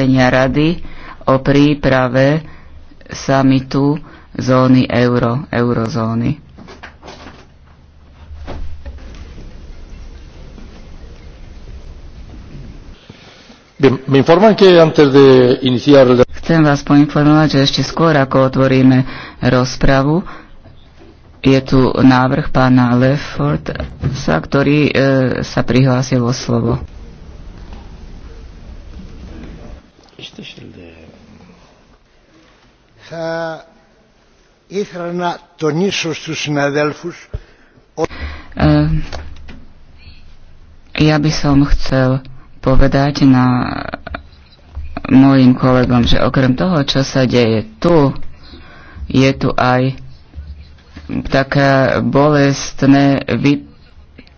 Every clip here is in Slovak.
vyhlásenia Rady o príprave samitu zóny euro, eurozóny. Chcem vás poinformovať, že ešte skôr ako otvoríme rozpravu, je tu návrh pána Lefforda, ktorý e, sa prihlásil o slovo. ايش θα ήθελα να τονίσω στους συναδέλφους ja by som chcel povedať na mojim kolegom, že okrem toho, čo sa deje tu, je tu aj také bolestné vyp-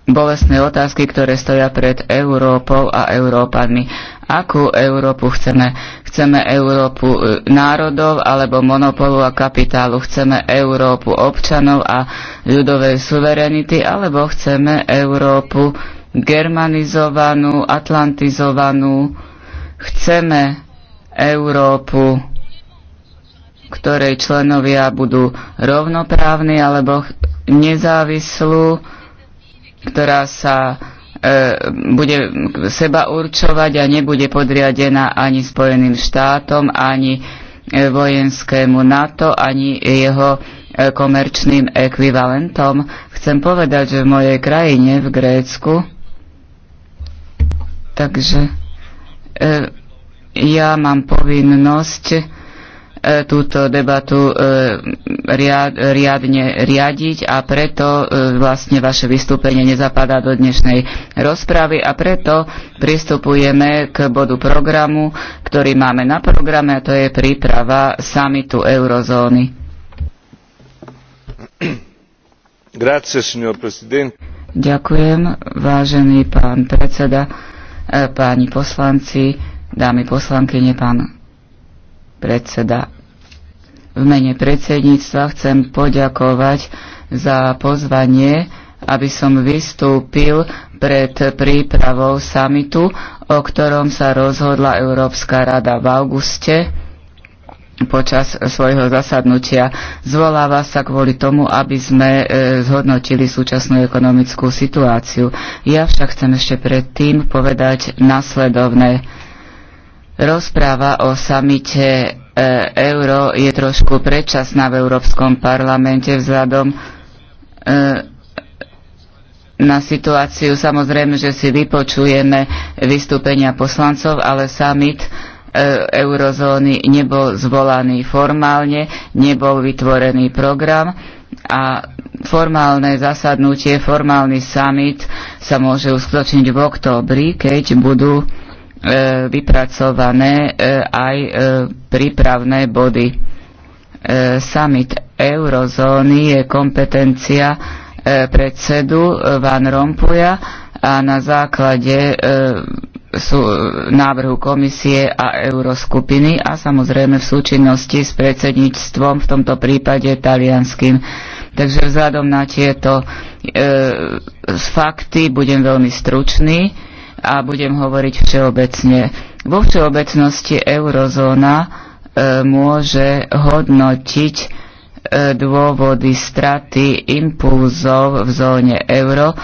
bolestné otázky, ktoré stoja pred Európou a Európami. Akú Európu chceme? Chceme Európu e, národov alebo monopolu a kapitálu? Chceme Európu občanov a ľudovej suverenity? Alebo chceme Európu germanizovanú, atlantizovanú? Chceme Európu, ktorej členovia budú rovnoprávni alebo nezávislú? ktorá sa e, bude seba určovať a nebude podriadená ani Spojeným štátom, ani e, vojenskému NATO, ani jeho e, komerčným ekvivalentom. Chcem povedať, že v mojej krajine, v Grécku, takže ja mám povinnosť E, túto debatu e, riadne riadiť a preto e, vlastne vaše vystúpenie nezapadá do dnešnej rozpravy a preto pristupujeme k bodu programu, ktorý máme na programe a to je príprava samitu eurozóny. Grazie, signor Presidente. Ďakujem, vážený pán predseda, páni poslanci, dámy poslankyne, pán Predseda. V mene predsedníctva chcem poďakovať za pozvanie, aby som vystúpil pred prípravou samitu, o ktorom sa rozhodla Európska rada v auguste počas svojho zasadnutia. Zvoláva sa kvôli tomu, aby sme e, zhodnotili súčasnú ekonomickú situáciu. Ja však chcem ešte predtým povedať nasledovné. Rozpráva o samite e, euro je trošku predčasná v Európskom parlamente vzhľadom e, na situáciu. Samozrejme, že si vypočujeme vystúpenia poslancov, ale summit e, eurozóny nebol zvolaný formálne, nebol vytvorený program a formálne zasadnutie, formálny summit sa môže uskutočniť v októbri, keď budú E, vypracované e, aj e, prípravné body. Summit eurozóny je kompetencia predsedu Van Rompuja a na základe sú návrhu komisie a euroskupiny a samozrejme v súčinnosti s predsedníctvom, v tomto prípade talianským. Takže vzhľadom na tieto e, fakty budem veľmi stručný. E, a budem hovoriť všeobecne. Vo všeobecnosti eurozóna e, môže hodnotiť e, dôvody straty impulzov v zóne euro, e,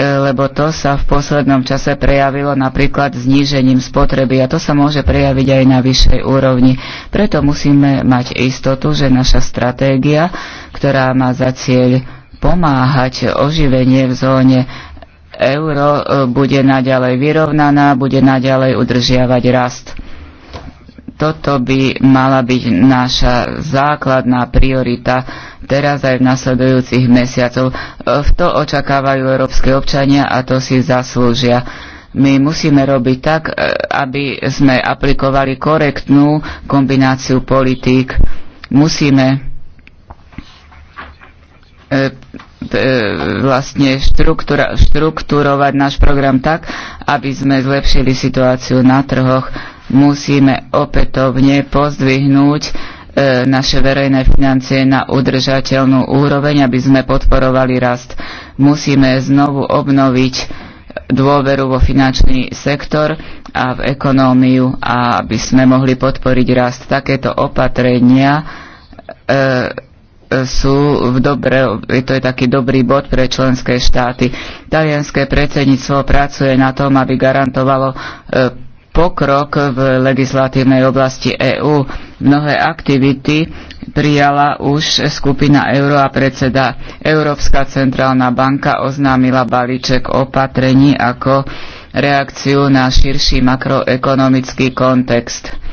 lebo to sa v poslednom čase prejavilo napríklad znížením spotreby a to sa môže prejaviť aj na vyššej úrovni. Preto musíme mať istotu, že naša stratégia, ktorá má za cieľ pomáhať oživenie v zóne euro e, bude naďalej vyrovnaná, bude naďalej udržiavať rast. Toto by mala byť naša základná priorita teraz aj v nasledujúcich mesiacoch. E, v to očakávajú európske občania a to si zaslúžia my musíme robiť tak, e, aby sme aplikovali korektnú kombináciu politík. Musíme E, vlastne štruktúrovať náš program tak, aby sme zlepšili situáciu na trhoch. Musíme opätovne pozdvihnúť e, naše verejné financie na udržateľnú úroveň, aby sme podporovali rast. Musíme znovu obnoviť dôveru vo finančný sektor a v ekonómiu, a aby sme mohli podporiť rast. Takéto opatrenia e, sú v dobre, to je taký dobrý bod pre členské štáty. Talianské predsedníctvo pracuje na tom, aby garantovalo e, pokrok v legislatívnej oblasti EÚ. Mnohé aktivity prijala už skupina euro a predseda Európska centrálna banka oznámila balíček opatrení ako reakciu na širší makroekonomický kontext.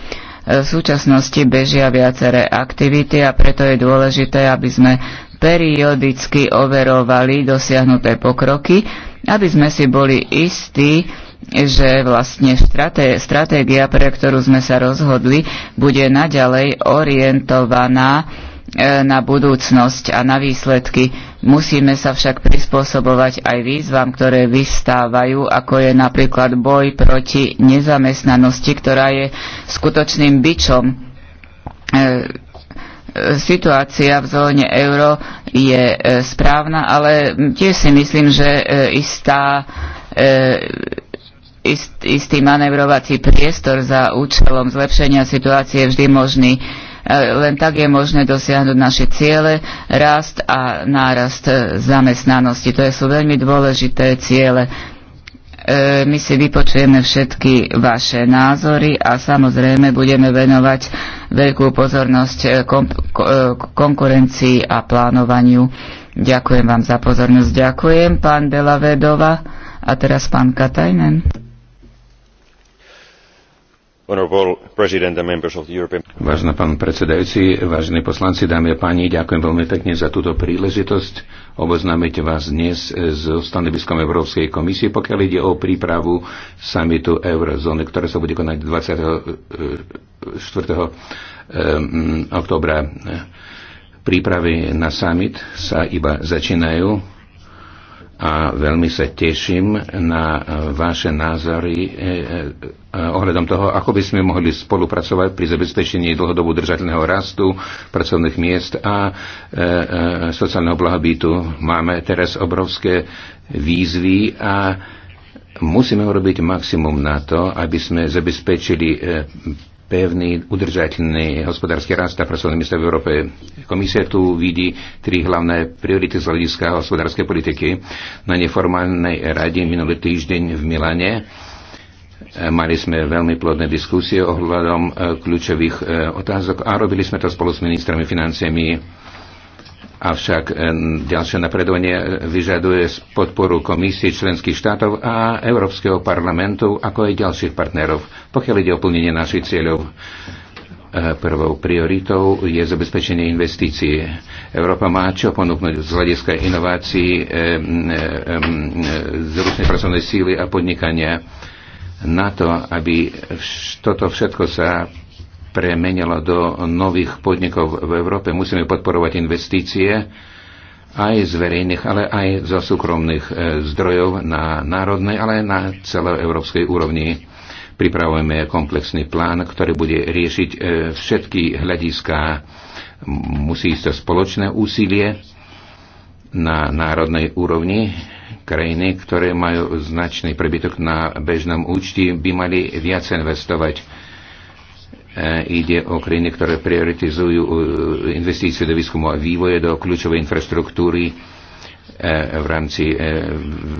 V súčasnosti bežia viaceré aktivity a preto je dôležité, aby sme periodicky overovali dosiahnuté pokroky, aby sme si boli istí, že vlastne straté, stratégia, pre ktorú sme sa rozhodli, bude naďalej orientovaná E, na budúcnosť a na výsledky. Musíme sa však prispôsobovať aj výzvam, ktoré vystávajú, ako je napríklad boj proti nezamestnanosti, ktorá je skutočným byčom. E, e, situácia v zóne euro je správna, ale tiež si myslím, že istá istý manevrovací priestor za účelom zlepšenia situácie je vždy možný. E, len tak je možné dosiahnuť naše ciele, rast a nárast e, zamestnanosti. To sú veľmi dôležité ciele. E, my si vypočujeme všetky vaše názory a samozrejme budeme venovať veľkú pozornosť konkurencii a plánovaniu. Ďakujem vám za pozornosť. Ďakujem, pán Delavedova. A teraz pán Katajnen. Vážený pán predsedajúci, vážení poslanci, dámy a páni, ďakujem veľmi pekne za túto príležitosť oboznámiť vás dnes so stanoviskom Európskej komisie, pokiaľ ide o prípravu samitu eurozóny, ktoré sa bude konať 24. E, e, e, oktobra. Prípravy na summit sa iba začínajú a veľmi sa teším na vaše názory e, e, e, ohľadom toho, ako by sme mohli spolupracovať pri zabezpečení dlhodobo držateľného rastu, pracovných miest a sociálneho blahobytu. Máme teraz obrovské výzvy a musíme urobiť maximum na to, aby sme zabezpečili pevný, udržateľný hospodársky rast a pracovné miesta v Európe. Komisia tu vidí tri hlavné priority z hľadiska hospodárskej politiky. Na neformálnej rade minulý týždeň v Milane e, Mali sme veľmi plodné diskusie ohľadom e, kľúčových e, otázok a robili sme to spolu s ministrami financiami Avšak eh, ďalšie napredovanie eh, vyžaduje podporu komisie členských štátov a Európskeho parlamentu, ako aj ďalších partnerov, pokiaľ ide o plnenie našich cieľov. Eh, prvou prioritou je zabezpečenie investície. Európa má čo ponúknuť z hľadiska inovácií, zručnej pracovnej síly a podnikania na to, aby toto všetko sa premenila do nových podnikov v Európe. Musíme podporovať investície aj z verejných, ale aj zo súkromných e, zdrojov na národnej, ale aj na celoeurópskej úrovni. Pripravujeme komplexný plán, ktorý bude riešiť e, všetky hľadiská. Musí ísť to spoločné úsilie na národnej úrovni. Krajiny, ktoré majú značný prebytok na bežnom účti, by mali viac investovať E, ide o krajiny, ktoré prioritizujú e, investície do výskumu a vývoje, do kľúčovej infraštruktúry e, v rámci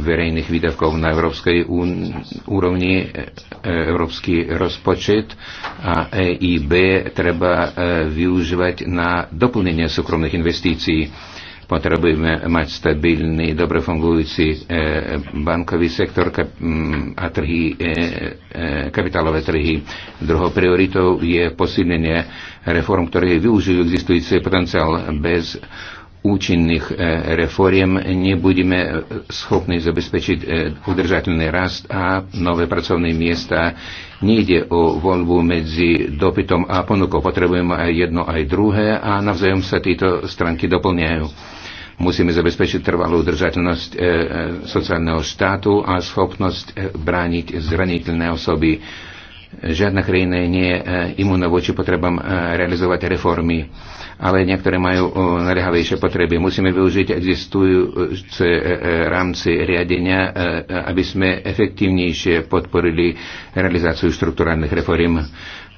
verejných výdavkov na európskej úrovni, európsky rozpočet a EIB treba využívať na doplnenie súkromných investícií Potrebujeme mať stabilný, dobre fungujúci e, e bankový sektor kap, mm, a trhy, e, e, kapitálové trhy. Druhou prioritou je posilnenie reform, ktoré využijú existujúci potenciál bez účinných e, reforiem nebudeme schopní zabezpečiť e, udržateľný rast a nové pracovné miesta. Nejde o voľbu medzi dopytom a ponukou. Potrebujeme aj jedno, aj druhé a navzájom sa tieto stránky doplňajú Musíme zabezpečiť trvalú udržateľnosť e, e, sociálneho štátu a schopnosť e, brániť zraniteľné osoby. Žiadna krajina nie je imunná voči potrebám realizovať reformy, ale niektoré majú naliehavejšie potreby. Musíme využiť existujúce rámci riadenia, aby sme efektívnejšie podporili realizáciu štruktúrálnych reform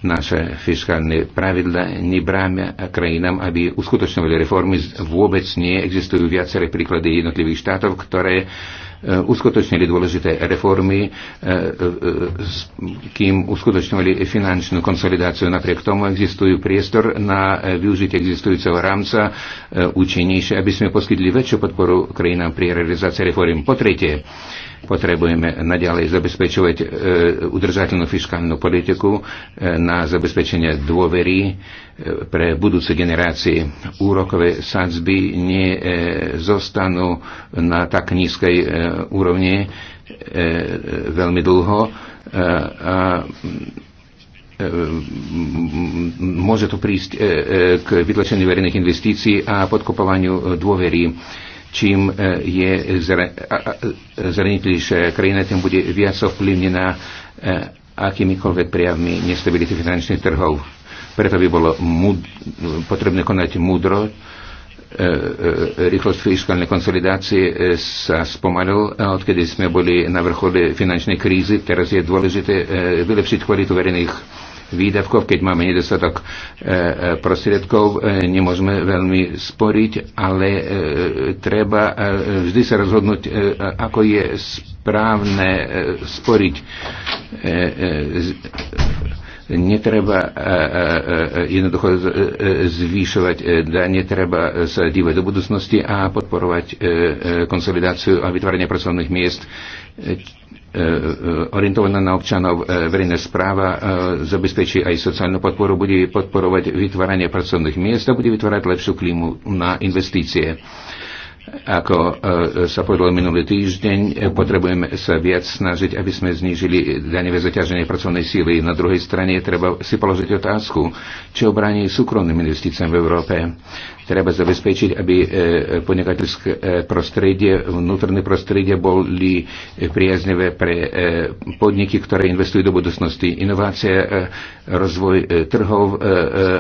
naše fiskálne pravidla nebráme krajinám, aby uskutočňovali reformy. Vôbec nie existujú viaceré príklady jednotlivých štátov, ktoré e, uskutočnili dôležité reformy, e, e, kým uskutočňovali finančnú konsolidáciu. Napriek tomu existujú priestor na využitie existujúceho rámca účinnejšie, aby sme poskytli väčšiu podporu krajinám pri realizácii reform. Po tretie, Potrebujeme naďalej zabezpečovať e, udržateľnú fiskálnu politiku e, na zabezpečenie dôvery e, pre budúce generácie. Úrokové sadzby nezostanú na tak nízkej úrovni veľmi dlho a môže to prísť k vytlačeniu verejných investícií a podkopovaniu dôvery čím e, je zraniteľnejšia e, krajina, tým bude viac ovplyvnená e, akýmikoľvek prejavmi nestability finančných trhov. Preto by bolo múd, potrebné konať múdro, rýchlosť fiskálnej konsolidácie sa spomalil, odkedy sme boli na vrchole finančnej krízy. Teraz je dôležité vylepšiť kvalitu verejných výdavkov, keď máme nedostatok e, e, prostriedkov, e, nemôžeme veľmi sporiť, ale treba vždy sa rozhodnúť, ako je správne sporiť. Netreba jednoducho zvýšovať dane, treba sa dívať do budúcnosti a podporovať konsolidáciu a vytváranie pracovných miest E, e, orientovaná na občanov e, verejná správa zabezpečí aj sociálnu podporu, bude podporovať vytváranie pracovných miest a bude vytvárať lepšiu klímu na investície. Ako sa povedalo minulý týždeň, potrebujeme sa viac snažiť, aby sme znížili daňové zaťaženie pracovnej síly. Na druhej strane treba si položiť otázku, čo obráni súkromným investíciám v Európe. Treba zabezpečiť, aby e, podnikateľské e, prostredie, vnútorné prostredie boli e, priaznivé pre podniky, ktoré investujú do budúcnosti. Inovácia, rozvoj trhov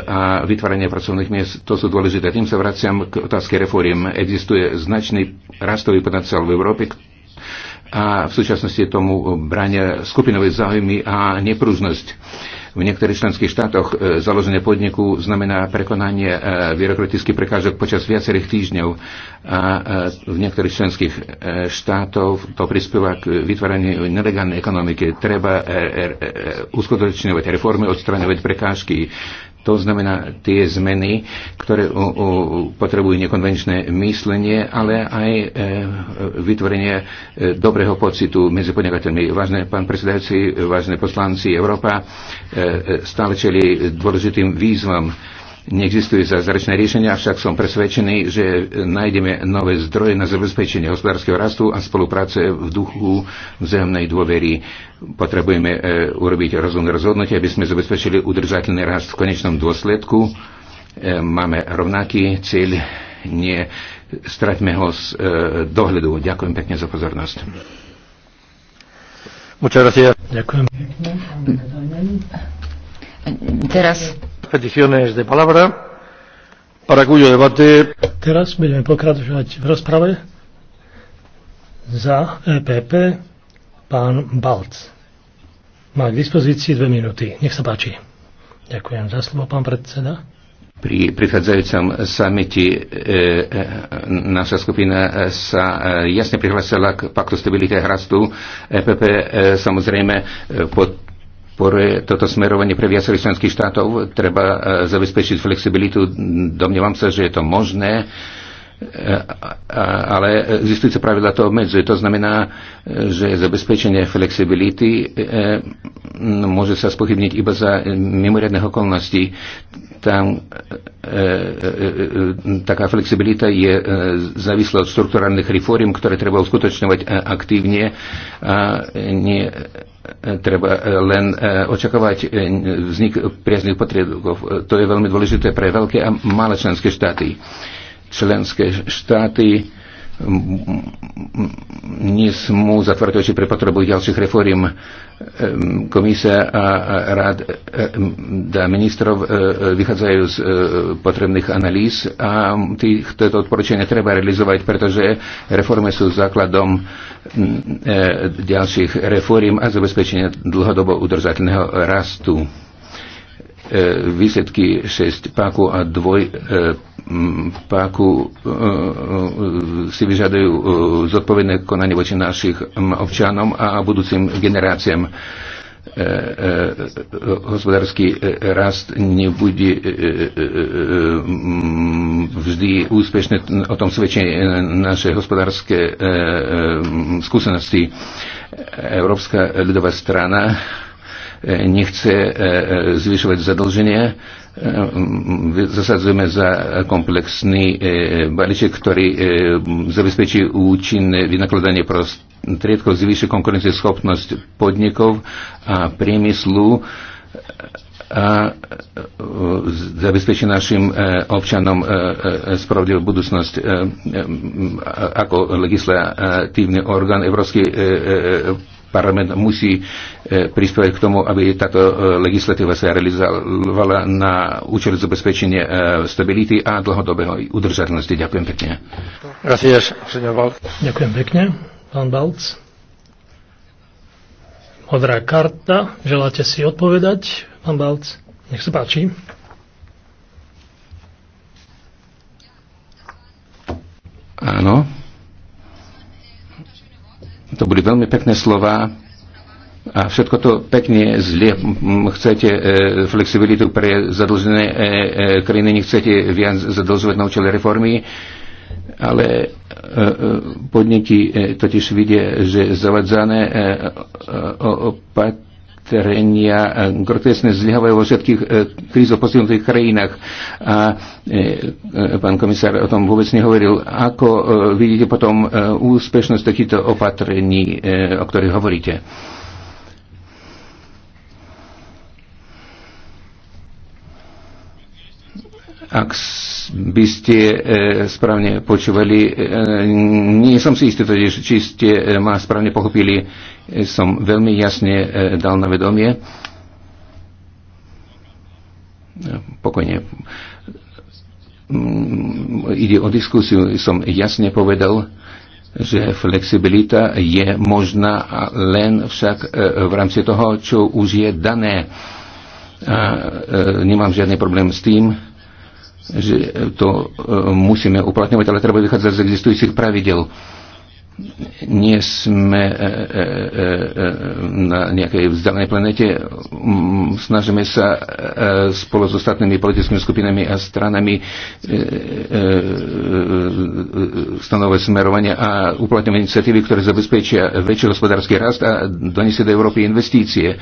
a vytváranie pracovných miest, to sú dôležité. Tým sa vraciam k otázke reforiem. Existuje značný rastový potenciál v Európe, a v súčasnosti tomu brania skupinové záujmy a neprúznosť v niektorých členských štátoch e, založenie podniku znamená prekonanie e, byrokratických prekážok počas viacerých týždňov a e, v niektorých členských štátoch to prispieva k vytváraniu nelegálnej ekonomiky. Treba uskutočňovať reformy, odstraňovať prekážky. To znamená tie zmeny, ktoré potrebujú nekonvenčné myslenie, ale aj e, vytvorenie e, dobrého pocitu medzi podnikateľmi. Vážne pán predsedajúci, vážne poslanci, Európa e, stále čeli dôležitým výzvam Neexistuje zázračné riešenia, avšak som presvedčený, že nájdeme nové zdroje na zabezpečenie hospodárskeho rastu a spolupráce v duchu vzájomnej dôvery. Potrebujeme e, urobiť rozumné rozhodnutie, aby sme zabezpečili udržateľný rast v konečnom dôsledku. E, Máme rovnaký cieľ, nie straťme ho z e, dohľadu. Ďakujem pekne za pozornosť. Ďakujem. Teraz Peticiones de palabra. Para cuyo debate... Teraz budeme pokračovať v rozprave za EPP pán Balc. Má k dispozícii dve minúty. Nech sa páči. Ďakujem za slovo, pán predseda. Pri prichádzajúcom samite e, e, naša skupina sa e, jasne prihlásila k paktu stability a hrastu. EPP e, samozrejme e, pod podporuje toto smerovanie pre viacerých členských štátov. Treba e, zabezpečiť flexibilitu. Domnievam sa, že je to možné e, ale existujúce pravidla to obmedzuje. To znamená, e, že zabezpečenie flexibility môže sa spochybniť iba za mimoriadných okolností. Tam taká flexibilita je závislá od strukturálnych reform, ktoré treba uskutočňovať aktívne a nie treba len e, očakávať e, vznik priazných potriebov. E, to je veľmi dôležité pre veľké a malé členské štáty. Členské štáty nesmú zatvárať oči pre potrebu ďalších reforiem. Komisia a rád da ministrov e, vychádzajú z e, potrebných analýz a týchto odporúčania treba realizovať, pretože reformy sú základom e, ďalších reforiem a zabezpečenia dlhodobo udržateľného rastu. Výsledky 6 paku a dvoj páku eh, si vyžadujú eh, zodpovedné konanie voči našich mm, občanom a budúcim generáciám. Eh, hospodársky rast nebude mm, vždy úspešný, o tom svedčí naše hospodárske mm, skúsenosti. Európska ľudová strana nechce e, e, zvyšovať zadlženie. E, zasadzujeme za komplexný balíček, ktorý zabezpečí účinné vynakladanie prostriedkov, zvýši konkurencieschopnosť podnikov a priemyslu a zabezpečí našim občanom spravodlivú budúcnosť ako legislatívny orgán Európsky parlament musí e, prispievať k tomu, aby táto e, legislatíva sa realizovala na účel zabezpečenia e, stability a dlhodobého udržateľnosti. Ďakujem pekne. Gracias, Ďakujem pekne, pán Balc. Modrá karta. Želáte si odpovedať, pán Balc? Nech sa páči. Áno. To boli veľmi pekné slova a všetko to pekne zlie. Chcete e, flexibilitu pre zadlžené e, e, krajiny, nechcete viac zadlžovať na účele reformy, ale e, e, podniky e, totiž vidie, že zavadzané e, opatrenie opatrenia e, grotesne zlyhavajú vo všetkých e, krízov postihnutých krajinách. A e, pán komisár o tom vôbec nehovoril. Ako vidíte potom úspešnosť takýchto opatrení, o ktorých hovoríte? Ak by ste e, správne počúvali. E, Nie som si istý, tedy, či ste e, ma správne pochopili. E, Som veľmi jasne e, dal na vedomie. E, Pokojne. Mm, ide o diskusiu. Som jasne povedal, že flexibilita je možná len však e, v rámci toho, čo už je dané. A e, nemám žiadny problém s tým, že to e, musíme uplatňovať, ale treba vychádzať z existujúcich pravidel. Nie sme e, e, e, e na nejakej vzdialenej planete, snažíme sa e, spolu s ostatnými politickými skupinami a stranami e, e, e, stanovať smerovanie a uplatňovať iniciatívy, ktoré zabezpečia väčší hospodársky rast a doniesie do Európy investície.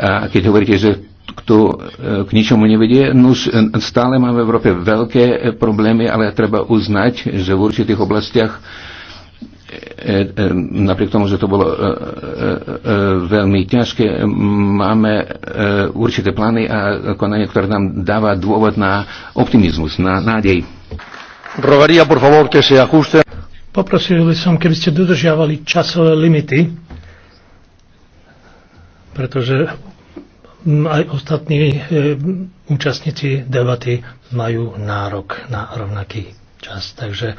A keď hovoríte, že to eh, k ničomu nevedie. No, eh, stále máme v Európe veľké eh, problémy, ale treba uznať, že v určitých oblastiach napriek tomu, že to bolo veľmi ťažké, máme určité plány a konanie, ktoré nám dáva dôvod na optimizmus, na nádej. Rovaria, por favor, que se ajuste. Poprosil by som, keby ste dodržiavali časové limity, pretože Mm, aj ostatní e, účastníci debaty majú nárok na rovnaký čas. Takže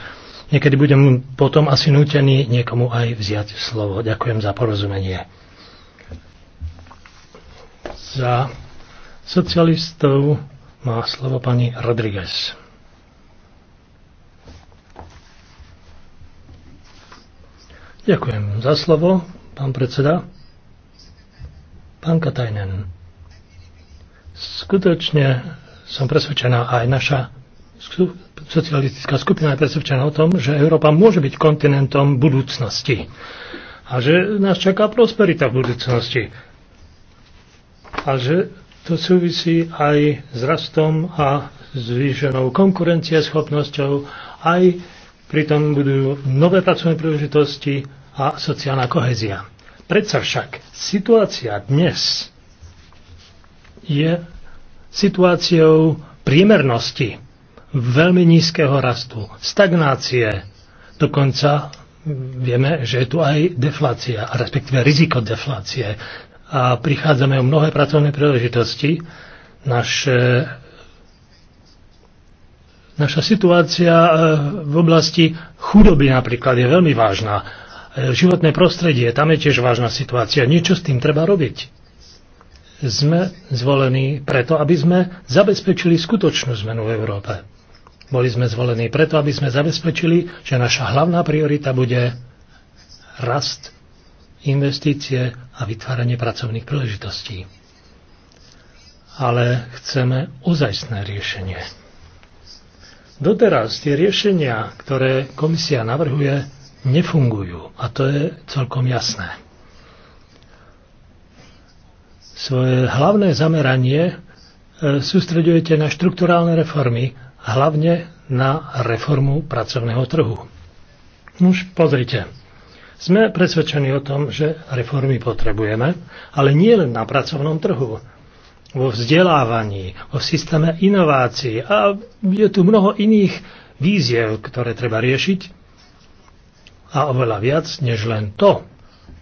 niekedy budem potom asi nútený niekomu aj vziať slovo. Ďakujem za porozumenie. Za socialistov má slovo pani Rodriguez. Ďakujem za slovo, pán predseda. Pán Katajnen. Skutočne som presvedčená aj naša socialistická skupina je presvedčená o tom, že Európa môže byť kontinentom budúcnosti a že nás čaká prosperita v budúcnosti a že to súvisí aj s rastom a zvýšenou konkurencieschopnosťou, aj pritom budú nové pracovné príležitosti a sociálna kohezia. Predsa však situácia dnes je situáciou priemernosti, veľmi nízkeho rastu, stagnácie. Dokonca vieme, že je tu aj deflácia, respektíve riziko deflácie. A prichádzame o mnohé pracovné príležitosti. Naše, naša situácia e, v oblasti chudoby napríklad je veľmi vážna. E, životné prostredie, tam je tiež vážna situácia. Niečo s tým treba robiť sme zvolení preto, aby sme zabezpečili skutočnú zmenu v Európe. Boli sme zvolení preto, aby sme zabezpečili, že naša hlavná priorita bude rast, investície a vytváranie pracovných príležitostí. Ale chceme ozajstné riešenie. Doteraz tie riešenia, ktoré komisia navrhuje, nefungujú a to je celkom jasné svoje hlavné zameranie e, sústredujete na štrukturálne reformy, hlavne na reformu pracovného trhu. Už pozrite. Sme presvedčení o tom, že reformy potrebujeme, ale nie len na pracovnom trhu, vo vzdelávaní, vo systéme inovácií a je tu mnoho iných víziev, ktoré treba riešiť. A oveľa viac než len to.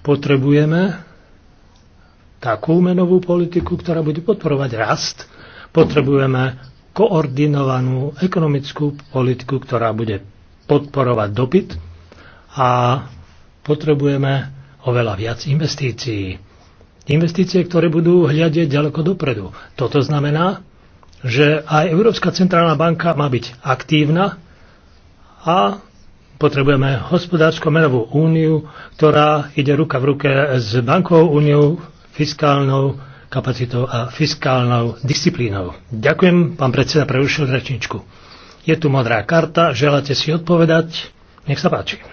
Potrebujeme takú menovú politiku, ktorá bude podporovať rast. Potrebujeme koordinovanú ekonomickú politiku, ktorá bude podporovať dopyt a potrebujeme oveľa viac investícií. Investície, ktoré budú hľadieť ďaleko dopredu. Toto znamená, že aj Európska centrálna banka má byť aktívna a potrebujeme hospodársko-menovú úniu, ktorá ide ruka v ruke s bankovou úniou fiskálnou kapacitou a fiskálnou disciplínou. Ďakujem, pán predseda preušil rečničku. Je tu modrá karta, želáte si odpovedať? Nech sa páči.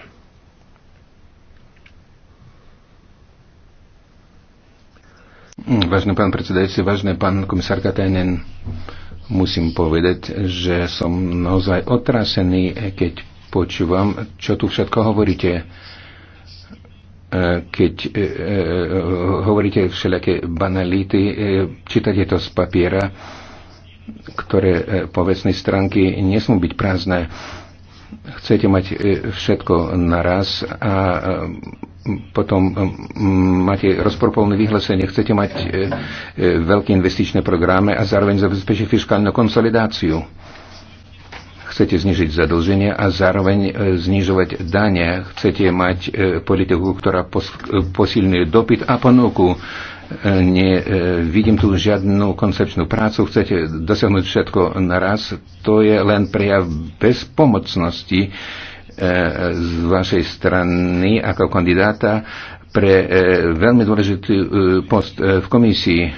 Vážený pán predsedajúci, vážený pán komisár Katajnen, musím povedať, že som naozaj otrasený, keď počúvam, čo tu všetko hovoríte E, keď e, e, hovoríte všelijaké banality, čítate to z papiera, ktoré povecné stránky nesmú byť prázdne. Chcete mať všetko naraz a potom máte rozporpolné vyhlásenie, chcete mať veľké investičné programy a zároveň zabezpečiť fiskálnu konsolidáciu chcete znižiť zadlženie a zároveň e, znižovať dane, chcete mať e, politiku, ktorá posilňuje dopyt a ponuku. E, nie vidím tu žiadnu koncepčnú prácu, chcete dosiahnuť všetko naraz. To je len prejav bezpomocnosti z vašej strany ako kandidáta pre veľmi dôležitý post v komisii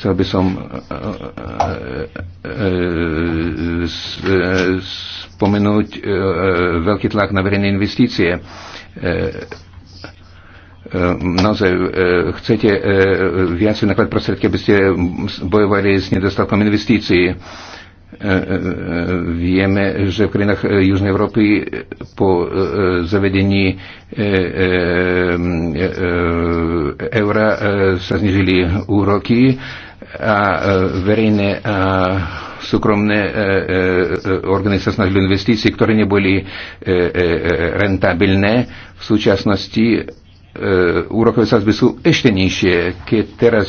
Chcel by som e, e, e, spomenúť veľký tlak na verejné investície. Naozaj chcete viac naklad prostriedky, aby ste bojovali s nedostatkom investícií vieme, že v krajinách Južnej Európy po zavedení eura sa znižili úroky a e, verejné a súkromné e, e, organizácie na investície, ktoré neboli rentabilné. V súčasnosti úrokové sazby sú ešte nižšie. Keď teraz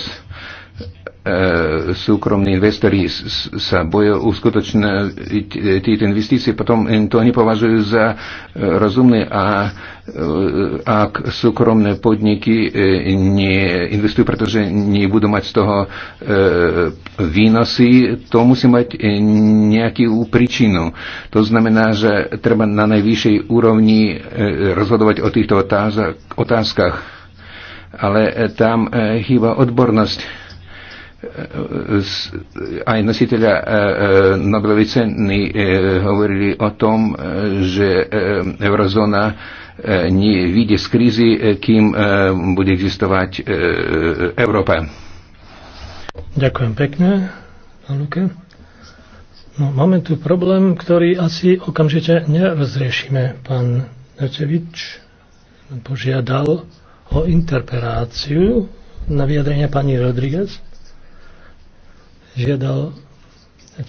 E, súkromní investori sa bojú uskutočniť e, tieto investície, potom to nepovažujú za e, rozumné a ak súkromné podniky neinvestujú, pretože nebudú mať z toho výnosy, to musí mať nejakú príčinu. To znamená, že treba na najvyššej úrovni rozhodovať o týchto otázkach, ale tam chýba odbornosť aj nositeľa e, e, Nobelovej ceny e, hovorili o tom, že eurozóna nie vyjde z krízy, kým bude existovať Európa. Ďakujem pekne, pán Luke. No, máme tu problém, ktorý asi okamžite nerozriešime. Pán Nečevič požiadal o interperáciu na vyjadrenie pani Rodriguez žiadal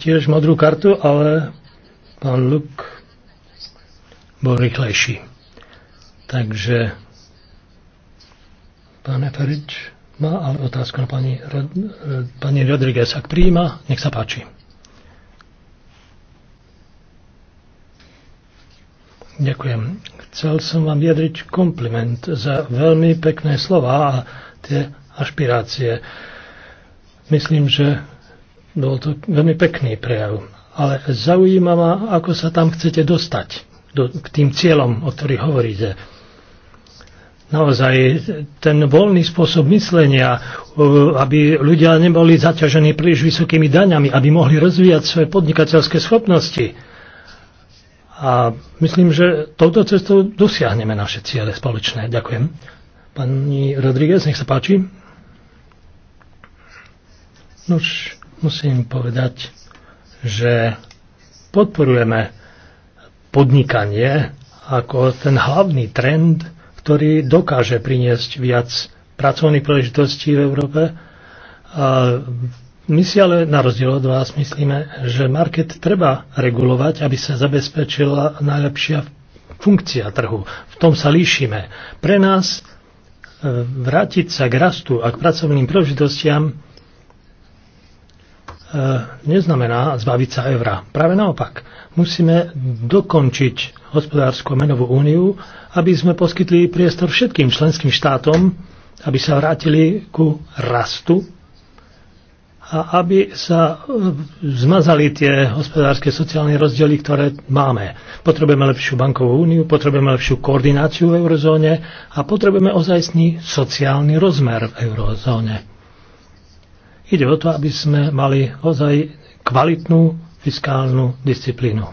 tiež modrú kartu, ale pán Luk bol rýchlejší. Takže pán Eferič má ale otázku na pani, pani Rodriguez. Ak prijíma, nech sa páči. Ďakujem. Chcel som vám vyjadriť kompliment za veľmi pekné slova a tie ašpirácie. Myslím, že bol to veľmi pekný prejav, ale zaujíma ma, ako sa tam chcete dostať do, k tým cieľom, o ktorých hovoríte. Naozaj ten voľný spôsob myslenia, aby ľudia neboli zaťažení príliš vysokými daňami, aby mohli rozvíjať svoje podnikateľské schopnosti. A myslím, že touto cestou dosiahneme naše ciele spoločné. Ďakujem. Pani Rodríguez, nech sa páči. Nož, Musím povedať, že podporujeme podnikanie ako ten hlavný trend, ktorý dokáže priniesť viac pracovných príležitostí v Európe. A my si ale na rozdiel od vás myslíme, že market treba regulovať, aby sa zabezpečila najlepšia funkcia trhu. V tom sa líšime. Pre nás e, vrátiť sa k rastu a k pracovným príležitostiam E, neznamená zbaviť sa eura. Práve naopak, musíme dokončiť hospodárskú menovú úniu, aby sme poskytli priestor všetkým členským štátom, aby sa vrátili ku rastu a aby sa e, zmazali tie hospodárske sociálne rozdiely, ktoré máme. Potrebujeme lepšiu bankovú úniu, potrebujeme lepšiu koordináciu v eurozóne a potrebujeme ozajstný sociálny rozmer v eurozóne. Ide o to, aby sme mali ozaj kvalitnú fiskálnu disciplínu.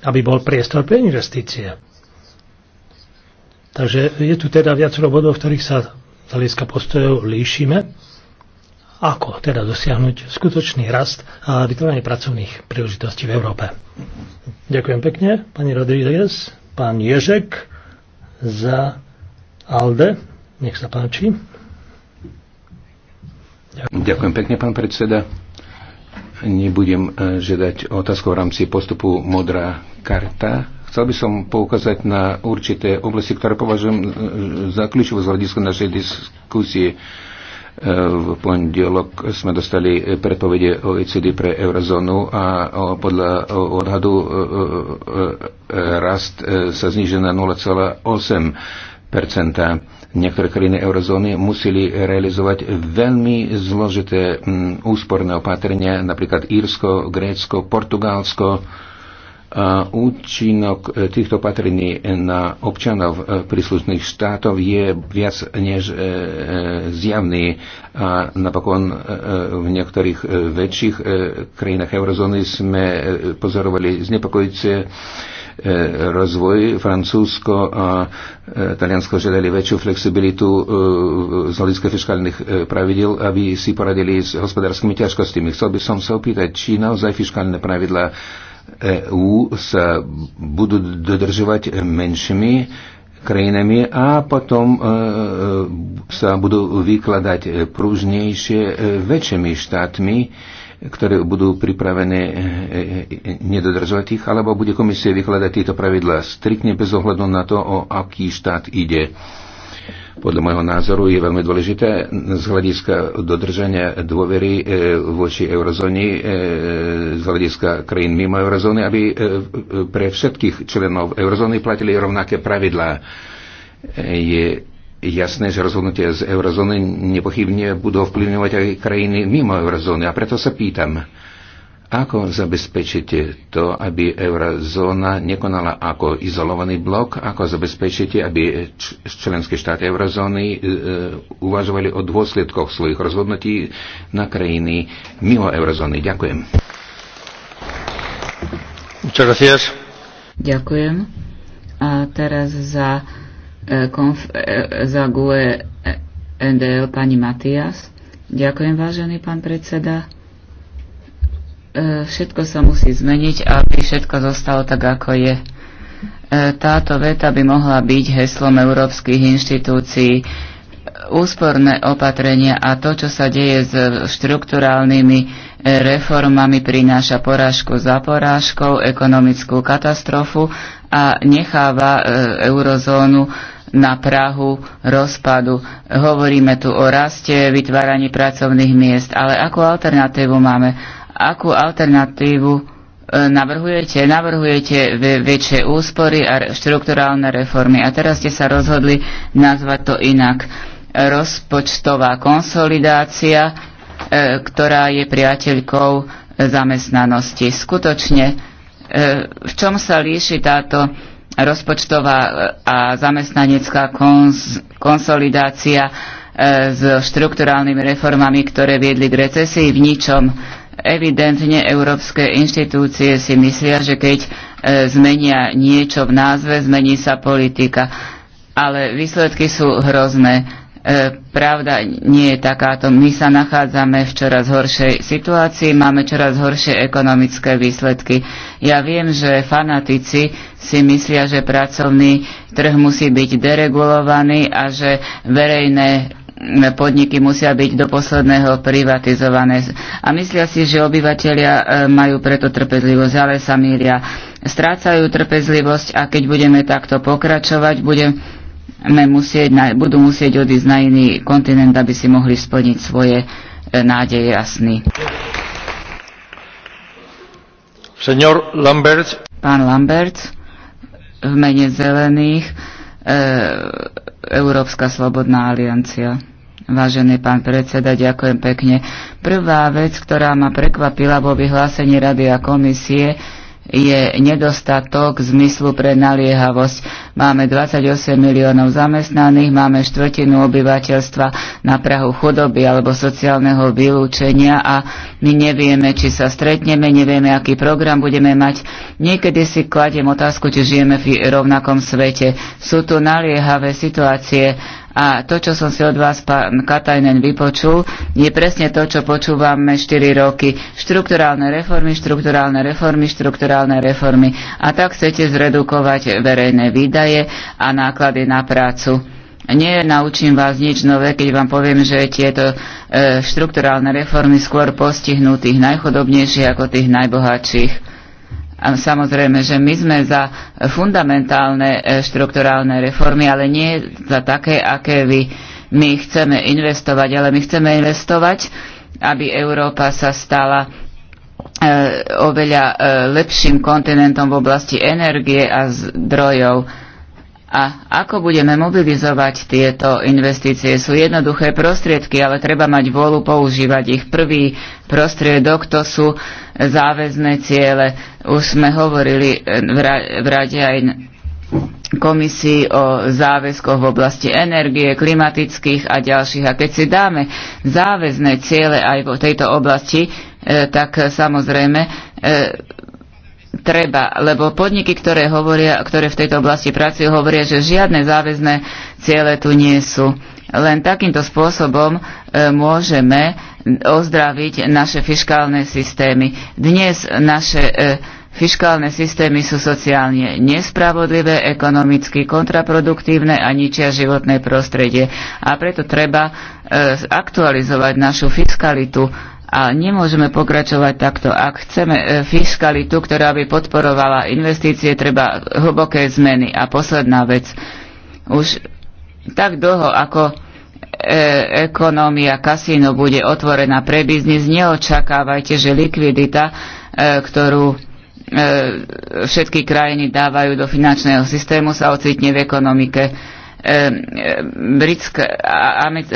Aby bol priestor pre investície. Takže je tu teda viacero bodov, v ktorých sa z hľadiska postojov líšime. Ako teda dosiahnuť skutočný rast a vytvorenie pracovných príležitostí v Európe. Ďakujem pekne, pani Rodríguez, pán Ježek za ALDE. Nech sa páči. Ďakujem pekne, pán predseda. Nebudem e, žiadať otázku v rámci postupu modrá karta. Chcel by som poukázať na určité oblasti, ktoré považujem e, za kľúčové z hľadiska našej diskusie. E, v pondelok sme dostali predpovede OECD pre eurozónu a podľa odhadu rast sa zniží na 0,8 Niektoré krajiny eurozóny museli realizovať veľmi zložité mm, úsporné opatrenia, napríklad Írsko, Grécko, Portugalsko, Účinok e, týchto patrení na občanov e, príslušných štátov je viac než e, zjavný a napokon v niektorých väčších krajinách eurozóny sme pozorovali znepokojúce rozvoj. Francúzsko a Taliansko želeli väčšiu flexibilitu z hľadiska fiskálnych pravidel, aby si poradili s hospodárskymi ťažkostiami. Chcel by som sa opýtať, či naozaj fiskálne pravidla EU sa budú dodržovať menšími krajinami a potom e, e, sa budú vykladať prúžnejšie e, väčšími štátmi, ktoré budú pripravené nedodržovať ich, alebo bude komisia vykladať tieto pravidlá striktne bez ohľadu na to, o aký štát ide podľa môjho názoru je veľmi dôležité z hľadiska dodržania dôvery e, voči eurozóne, e, z hľadiska krajín mimo eurozóny, aby e, pre všetkých členov eurozóny platili rovnaké pravidlá. Je jasné, že rozhodnutie z eurozóny nepochybne budú vplyvňovať aj krajiny mimo eurozóny. A preto sa pýtam, ako zabezpečíte to, aby eurozóna nekonala ako izolovaný blok? Ako zabezpečíte, aby členské štáty eurozóny e, uvažovali o dôsledkoch svojich rozhodnutí na krajiny mimo eurozóny? Ďakujem. Ďakujem. A teraz za, e, konf- e, za GUE e, NDL pani Matias. Ďakujem, vážený pán predseda. E, všetko sa musí zmeniť, aby všetko zostalo tak, ako je. E, táto veta by mohla byť heslom európskych inštitúcií. Úsporné opatrenia a to, čo sa deje s štruktúrálnymi e, reformami, prináša porážku za porážkou, ekonomickú katastrofu a necháva eurozónu na Prahu rozpadu. Hovoríme tu o raste, vytváraní pracovných miest, ale ako alternatívu máme Akú alternatívu e, navrhujete? Navrhujete väčšie úspory a štrukturálne reformy. A teraz ste sa rozhodli nazvať to inak. Rozpočtová konsolidácia, e, ktorá je priateľkou zamestnanosti. Skutočne, e, v čom sa líši táto rozpočtová a zamestnanecká kons- konsolidácia s štruktúrálnymi reformami, ktoré viedli k recesii v ničom. Evidentne európske inštitúcie si myslia, že keď e, zmenia niečo v názve, zmení sa politika. Ale výsledky sú hrozné. E, pravda nie je takáto. My sa nachádzame v čoraz horšej situácii, máme čoraz horšie ekonomické výsledky. Ja viem, že fanatici si myslia, že pracovný trh musí byť deregulovaný a že verejné podniky musia byť do posledného privatizované. A myslia si, že obyvateľia e, majú preto trpezlivosť, ale sa mýlia. Strácajú trpezlivosť a keď budeme takto pokračovať, budeme musieť, budú musieť odísť na iný kontinent, aby si mohli splniť svoje e, nádeje a sny. Lambert. Pán Lambert, v mene zelených, e, Európska slobodná aliancia. Vážený pán predseda, ďakujem pekne. Prvá vec, ktorá ma prekvapila vo vyhlásení Rady a komisie, je nedostatok zmyslu pre naliehavosť. Máme 28 miliónov zamestnaných, máme štvrtinu obyvateľstva na Prahu chudoby alebo sociálneho vylúčenia a my nevieme, či sa stretneme, nevieme, aký program budeme mať. Niekedy si kladiem otázku, či žijeme v rovnakom svete. Sú tu naliehavé situácie, a to, čo som si od vás, pán Katajnen, vypočul, je presne to, čo počúvame 4 roky. Štrukturálne reformy, štrukturálne reformy, štrukturálne reformy. A tak chcete zredukovať verejné výdaje a náklady na prácu. Nenaučím vás nič nové, keď vám poviem, že tieto e, štrukturálne reformy skôr postihnú tých najchodobnejších ako tých najbohatších Samozrejme, že my sme za fundamentálne e, štrukturálne reformy, ale nie za také, aké vy. My chceme investovať, ale my chceme investovať, aby Európa sa stala e, oveľa e, lepším kontinentom v oblasti energie a zdrojov a ako budeme mobilizovať tieto investície? Sú jednoduché prostriedky, ale treba mať vôľu používať ich. Prvý prostriedok to sú záväzné ciele. Už sme hovorili eh, v rade aj komisii o záväzkoch v oblasti energie, klimatických a ďalších. A keď si dáme záväzné ciele aj v tejto oblasti, eh, tak samozrejme eh, treba, lebo podniky, ktoré, hovoria, ktoré v tejto oblasti pracujú, hovoria, že žiadne záväzné ciele tu nie sú. Len takýmto spôsobom e, môžeme ozdraviť naše fiskálne systémy. Dnes naše e, fiskálne systémy sú sociálne nespravodlivé, ekonomicky kontraproduktívne a ničia životné prostredie. A preto treba e, aktualizovať našu fiskalitu a nemôžeme pokračovať takto. Ak chceme e, fiskalitu, ktorá by podporovala investície, treba hlboké zmeny. A posledná vec. Už tak dlho, ako e, ekonomia kasíno bude otvorená pre biznis, neočakávajte, že likvidita, e, ktorú e, všetky krajiny dávajú do finančného systému, sa ocitne v ekonomike Ehm, britské,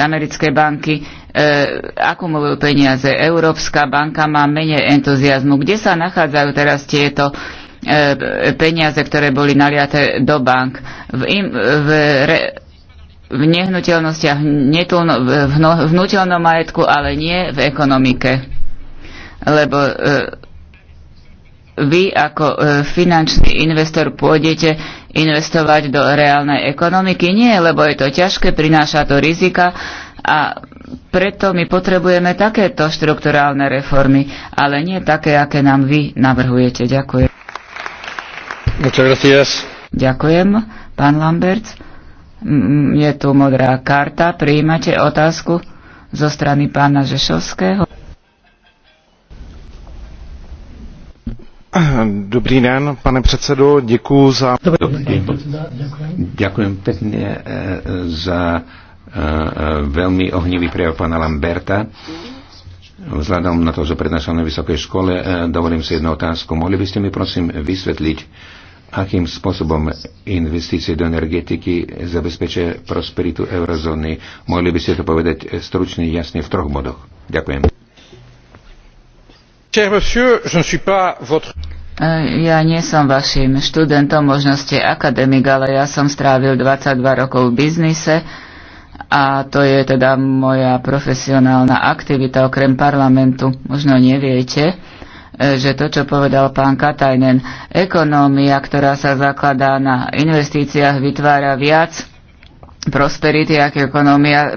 americké banky ehm, akumulujú peniaze. Európska banka má menej entuziasmu. Kde sa nachádzajú teraz tieto ehm, peniaze, ktoré boli naliaté do bank? V, im, v, re, v nehnuteľnostiach, netulno, v, v, no, v nutelnom majetku, ale nie v ekonomike. Lebo vy ako finančný investor pôjdete investovať do reálnej ekonomiky? Nie, lebo je to ťažké, prináša to rizika a preto my potrebujeme takéto štrukturálne reformy, ale nie také, aké nám vy navrhujete. Ďakujem. Ďakujem, pán Lamberts. Mm, je tu modrá karta. Prijímate otázku zo strany pána Žešovského? Dobrý den, pane předsedo, děkuji za... Dobrý den, e, za e, velmi ohnivý prejav pana Lamberta. Vzhľadom na to, že prednášam na vysokej škole, e, dovolím si jednu otázku. Mohli by ste mi prosím vysvetliť, akým spôsobom investície do energetiky zabezpečia prosperitu eurozóny. Mohli by ste to povedať stručne, jasne v troch bodoch. Ďakujem. E, ja nie som vašim študentom, možno ste akademik, ale ja som strávil 22 rokov v biznise a to je teda moja profesionálna aktivita okrem parlamentu. Možno neviete, e, že to, čo povedal pán Katajnen, ekonómia, ktorá sa zakladá na investíciách, vytvára viac prosperity, ako ekonómia, e,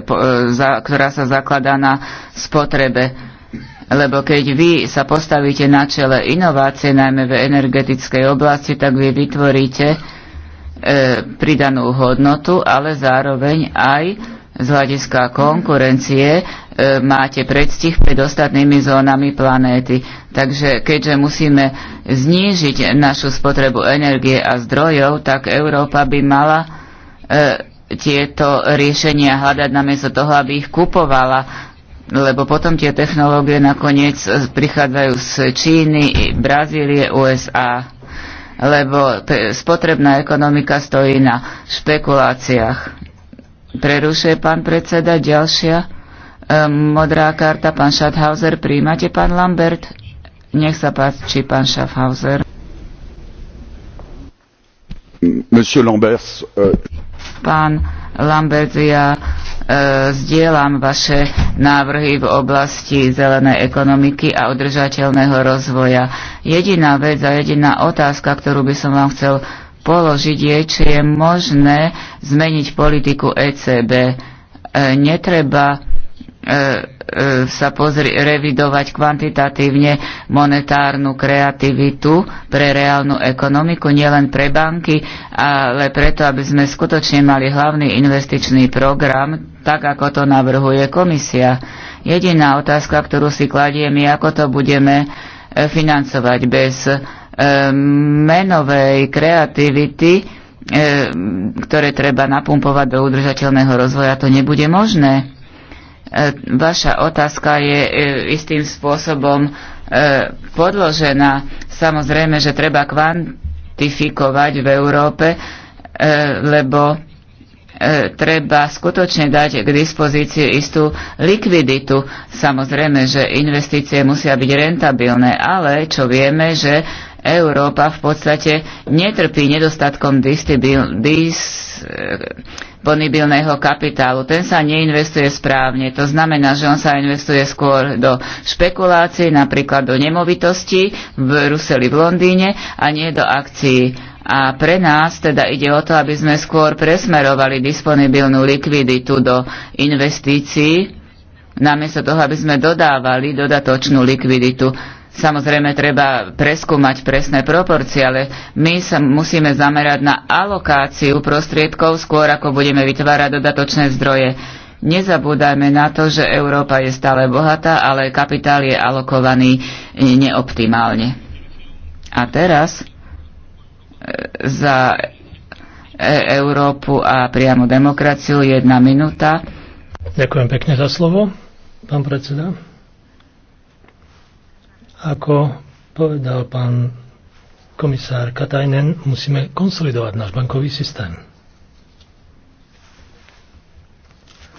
ktorá sa zakladá na spotrebe lebo keď vy sa postavíte na čele inovácie, najmä v energetickej oblasti, tak vy vytvoríte e, pridanú hodnotu, ale zároveň aj z hľadiska konkurencie e, máte predstih pred ostatnými zónami planéty. Takže keďže musíme znížiť našu spotrebu energie a zdrojov, tak Európa by mala e, tieto riešenia hľadať namiesto toho, aby ich kupovala lebo potom tie technológie nakoniec prichádzajú z Číny, Brazílie, USA, lebo spotrebná ekonomika stojí na špekuláciách. Prerušuje pán predseda ďalšia e, modrá karta, pán Schaffhauser, príjmate pán Lambert? Nech sa páči, pán Schaffhauser. Monsieur Lambert, uh... Pán Lambert, ja E, zdieľam vaše návrhy v oblasti zelenej ekonomiky a udržateľného rozvoja. Jediná vec a jediná otázka, ktorú by som vám chcel položiť, je, či je možné zmeniť politiku ECB. E, netreba E, e, sa pozri, revidovať kvantitatívne monetárnu kreativitu pre reálnu ekonomiku, nielen pre banky, ale preto, aby sme skutočne mali hlavný investičný program, tak ako to navrhuje komisia. Jediná otázka, ktorú si kladiem, je, ako to budeme e, financovať bez menovej kreativity, ktoré treba napumpovať do udržateľného rozvoja, to nebude možné. E, vaša otázka je e, istým spôsobom e, podložená. Samozrejme, že treba kvantifikovať v Európe, lebo treba skutočne dať k dispozícii istú likviditu. Samozrejme, že investície musia byť rentabilné, ale čo vieme, že Európa v podstate netrpí nedostatkom distribu- dis- disponibilného kapitálu. Ten sa neinvestuje správne. To znamená, že on sa investuje skôr do špekulácií, napríklad do nemovitosti v Bruseli, v Londýne a nie do akcií. A pre nás teda ide o to, aby sme skôr presmerovali disponibilnú likviditu do investícií, namiesto toho, aby sme dodávali dodatočnú likviditu Samozrejme, treba preskúmať presné proporcie, ale my sa musíme zamerať na alokáciu prostriedkov skôr, ako budeme vytvárať dodatočné zdroje. Nezabúdajme na to, že Európa je stále bohatá, ale kapitál je alokovaný neoptimálne. A teraz e, za e- Európu a priamu demokraciu jedna minúta. Ďakujem pekne za slovo, pán predseda. Ako povedal pán komisár Katajnen, musíme konsolidovať náš bankový systém.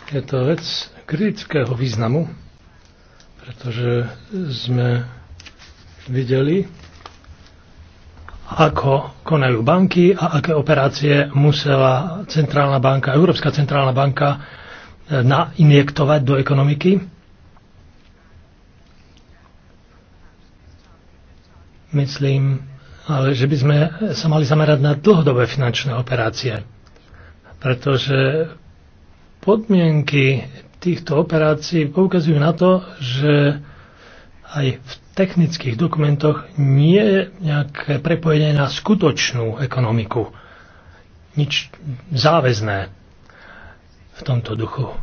Je to vec kritického významu, pretože sme videli, ako konajú banky a aké operácie musela Centrálna banka, Európska centrálna banka eh, nainjektovať do ekonomiky Myslím, ale že by sme sa mali zamerať na dlhodobé finančné operácie, pretože podmienky týchto operácií poukazujú na to, že aj v technických dokumentoch nie je nejaké prepojenie na skutočnú ekonomiku. Nič záväzné v tomto duchu.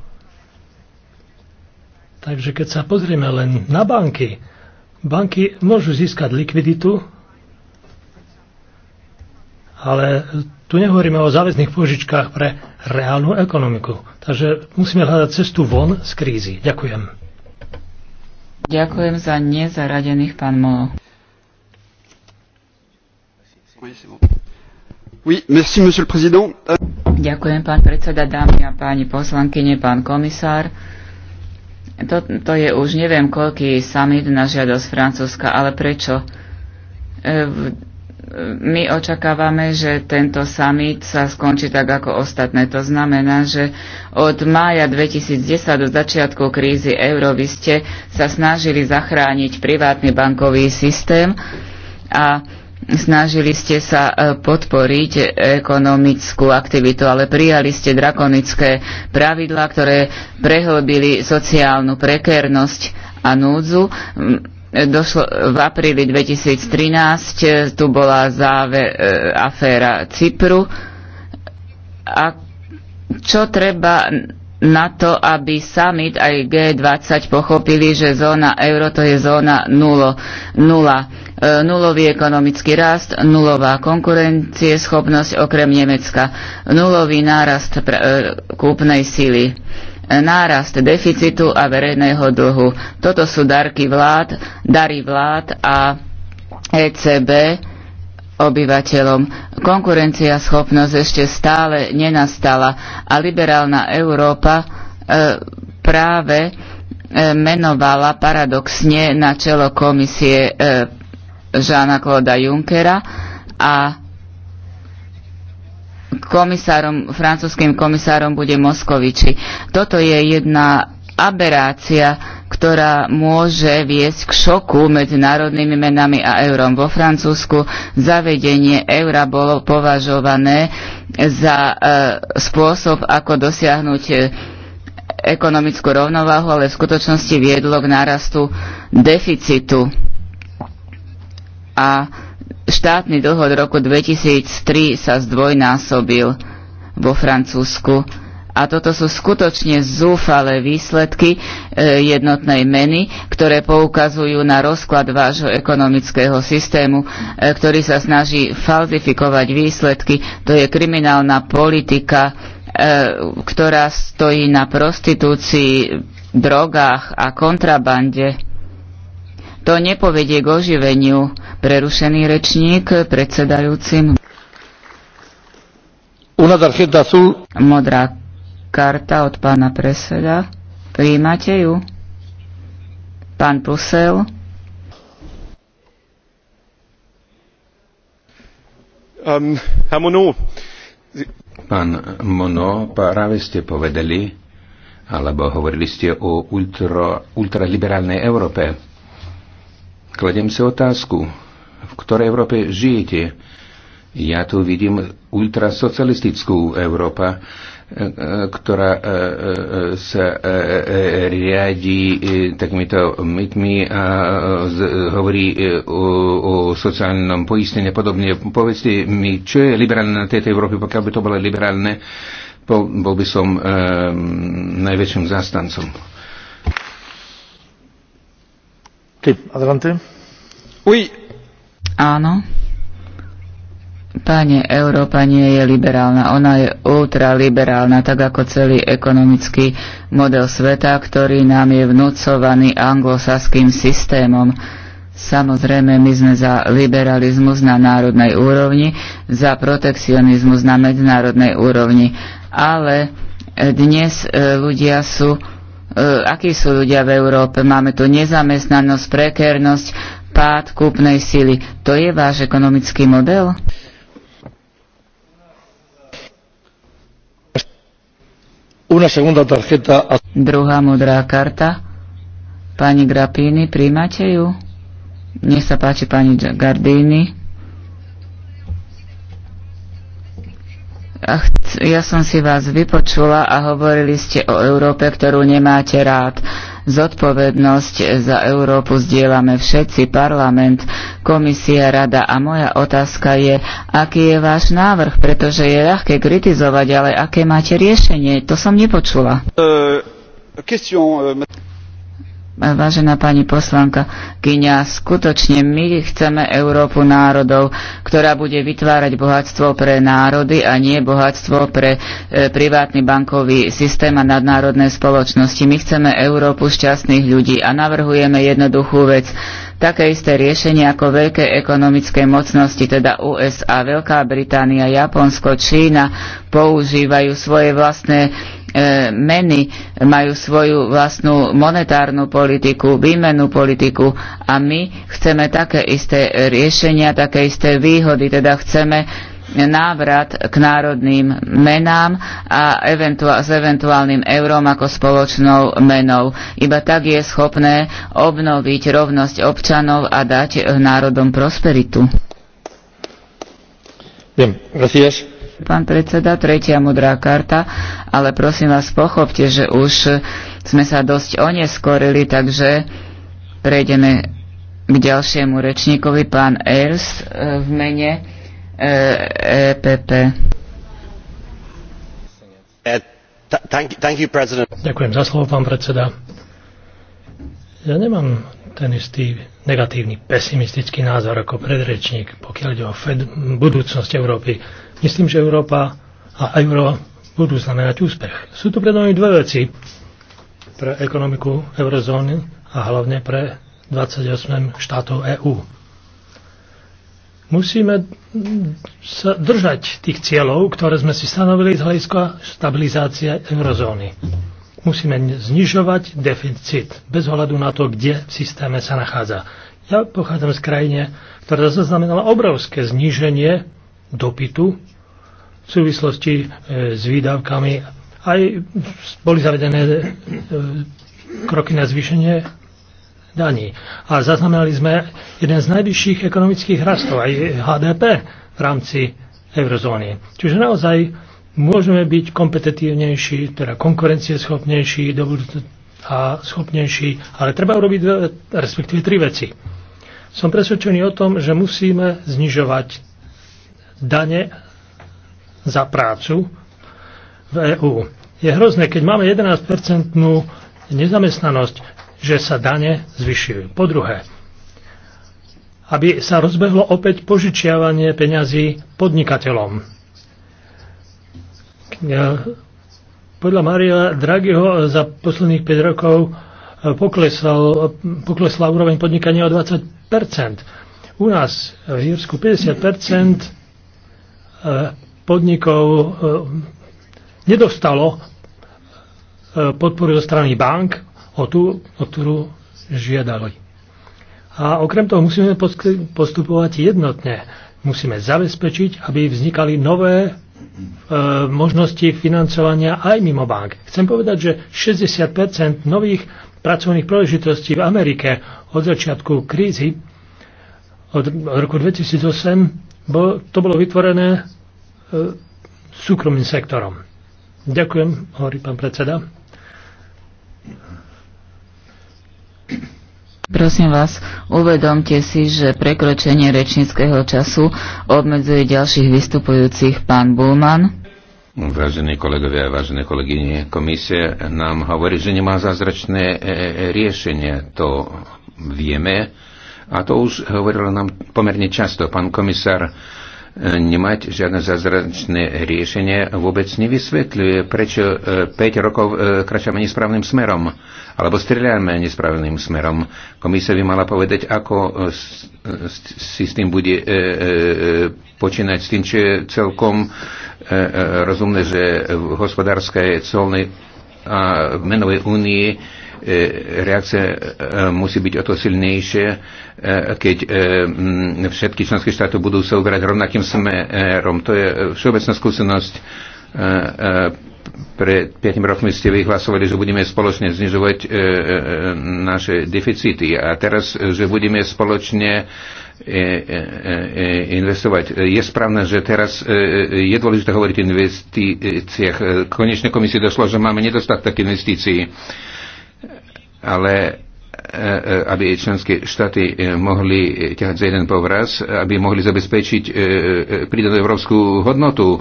Takže keď sa pozrieme len na banky, Banky môžu získať likviditu, ale tu nehovoríme o záväzných požičkách pre reálnu ekonomiku. Takže musíme hľadať cestu von z krízy. Ďakujem. Ďakujem za nezaradených, pán Molo. Oui, merci, monsieur le président. Ďakujem, pán predseda, dámy a páni poslankyne, pán komisár. To, to je už neviem koľký summit na žiadosť Francúzska, ale prečo? E, e, my očakávame, že tento summit sa skončí tak ako ostatné. To znamená, že od mája 2010 do začiatku krízy euro vy ste sa snažili zachrániť privátny bankový systém a Snažili ste sa e, podporiť ekonomickú aktivitu, ale prijali ste drakonické pravidlá, ktoré prehlbili sociálnu prekernosť a núdzu. Došlo v apríli 2013, e, tu bola záve, e, aféra Cypru. A čo treba na to, aby summit aj G20 pochopili, že zóna euro to je zóna 0. nula E, nulový ekonomický rast, nulová konkurencieschopnosť okrem Nemecka, nulový nárast e, kúpnej síly, e, nárast deficitu a verejného dlhu. Toto sú darky vlád, dary vlád a ECB obyvateľom. Konkurencia schopnosť ešte stále nenastala a liberálna Európa e, práve menovala paradoxne na čelo komisie e, Žána Klóda Junckera a komisárom, francúzským komisárom bude Moskoviči. Toto je jedna aberácia, ktorá môže viesť k šoku medzi národnými menami a eurom. Vo Francúzsku zavedenie eura bolo považované za e, spôsob, ako dosiahnuť e, ekonomickú rovnováhu, ale v skutočnosti viedlo k nárastu deficitu a štátny dlh od roku 2003 sa zdvojnásobil vo Francúzsku. A toto sú skutočne zúfalé výsledky e, jednotnej meny, ktoré poukazujú na rozklad vášho ekonomického systému, e, ktorý sa snaží falzifikovať výsledky. To je kriminálna politika, e, ktorá stojí na prostitúcii, drogách a kontrabande. To nepovedie k oživeniu. Prerušený rečník predsedajúcim. Una tarjeta azul. Modrá karta od pána preseda. Príjmate ju? Pán Pusel. Um, ehm, Pán Mono, práve ste povedali, alebo hovorili ste o ultra, ultraliberálnej Európe. Kladiem si otázku, v ktorej Európe žijete? Ja tu vidím ultrasocialistickú Európa, e, e, ktorá e, sa riadi takýmito mytmi a hovorí o, o sociálnom poistení a podobne. Povedzte mi, čo je liberálne na tejto Európe, pokiaľ by to bolo liberálne, bol, bol by som najväčším zastancom. Áno. Páne, Európa nie je liberálna, ona je ultraliberálna, tak ako celý ekonomický model sveta, ktorý nám je vnúcovaný anglosaským systémom. Samozrejme, my sme za liberalizmus na národnej úrovni, za protekcionizmus na medzinárodnej úrovni, ale dnes e, ľudia sú E, akí sú ľudia v Európe. Máme tu nezamestnanosť, prekernosť, pád kúpnej sily. To je váš ekonomický model? Una segunda tarjeta. Druhá modrá karta. Pani Grapini, príjmate ju? Nech sa páči pani Gardini. Ja som si vás vypočula a hovorili ste o Európe, ktorú nemáte rád. Zodpovednosť za Európu zdieľame všetci, parlament, komisia, rada a moja otázka je, aký je váš návrh, pretože je ľahké kritizovať, ale aké máte riešenie, to som nepočula. Uh, question, uh... Vážená pani poslanka Kynia, skutočne my chceme Európu národov, ktorá bude vytvárať bohatstvo pre národy a nie bohatstvo pre e, privátny bankový systém a nadnárodné spoločnosti. My chceme Európu šťastných ľudí a navrhujeme jednoduchú vec. Také isté riešenie ako veľké ekonomické mocnosti, teda USA, Veľká Británia, Japonsko, Čína, používajú svoje vlastné E, meny, majú svoju vlastnú monetárnu politiku, výmenú politiku a my chceme také isté riešenia, také isté výhody, teda chceme návrat k národným menám a eventuál, s eventuálnym eurom ako spoločnou menou. Iba tak je schopné obnoviť rovnosť občanov a dať národom prosperitu. Bien, gracias pán predseda, tretia modrá karta, ale prosím vás, pochopte, že už sme sa dosť oneskorili, takže prejdeme k ďalšiemu rečníkovi, pán Ers e, v mene EPP. E e, Ďakujem za slovo, pán predseda. Ja nemám ten istý negatívny, pesimistický názor ako predrečník, pokiaľ ide o Fed, budúcnosť Európy. Myslím, že Európa a euro budú znamenať úspech. Sú tu pred dve veci pre ekonomiku eurozóny a hlavne pre 28 štátov EÚ. Musíme sa držať tých cieľov, ktoré sme si stanovili z hľadiska stabilizácie eurozóny. Musíme znižovať deficit bez ohľadu na to, kde v systéme sa nachádza. Ja pochádzam z krajine, ktorá zaznamenala obrovské zníženie dopytu v súvislosti e, s výdavkami. Aj boli zavedené e, kroky na zvýšenie daní. A zaznamenali sme jeden z najvyšších ekonomických rastov, aj HDP v rámci eurozóny. Čiže naozaj môžeme byť kompetitívnejší, teda konkurencieschopnejší a schopnejší, ale treba urobiť dve, respektíve tri veci. Som presvedčený o tom, že musíme znižovať dane za prácu v EÚ. Je hrozné, keď máme 11-percentnú nezamestnanosť, že sa dane zvyšujú. Po druhé, aby sa rozbehlo opäť požičiavanie peňazí podnikateľom. Podľa Maria Draghiho za posledných 5 rokov poklesal, poklesla úroveň podnikania o 20 U nás v Írsku 50 podnikov e, nedostalo e, podporu zo strany bank, o tú, o ktorú žiadali. A okrem toho musíme postupovať jednotne. Musíme zabezpečiť, aby vznikali nové e, možnosti financovania aj mimo bank. Chcem povedať, že 60 nových pracovných príležitostí v Amerike od začiatku krízy od roku 2008 to bolo vytvorené E, súkromným sektorom. Ďakujem, hovorí pán predseda. Prosím vás, uvedomte si, že prekročenie rečníckého času obmedzuje ďalších vystupujúcich pán Bulman. Vážení kolegovia, vážené kolegyne, komisie nám hovorí, že nemá zázračné e, e, riešenie. To vieme a to už hovorilo nám pomerne často. Pán komisár nemať žiadne zázračné riešenie vôbec nevysvetľuje, prečo 5 e, rokov e, kračame nesprávnym smerom alebo strieľame nesprávnym smerom. Komisia by mala povedať, ako e, si s tým bude počínať, s tým, čo je celkom rozumné, že v hospodárskej, colnej a menovej únii E, reakcia e, musí byť o to silnejšie, e, keď všetky členské štáty budú sa uberať rovnakým smerom. To je všeobecná skúsenosť pred 5 rokmi ste vyhlasovali, že budeme spoločne znižovať naše deficity a teraz, že budeme spoločne investovať. Je správne, že teraz je dôležité hovoriť o investíciách. Konečne komisie došlo, že máme nedostatok investícií ale e, e, aby členské štáty e, mohli ťahať za jeden povraz, aby mohli zabezpečiť pridanú európsku hodnotu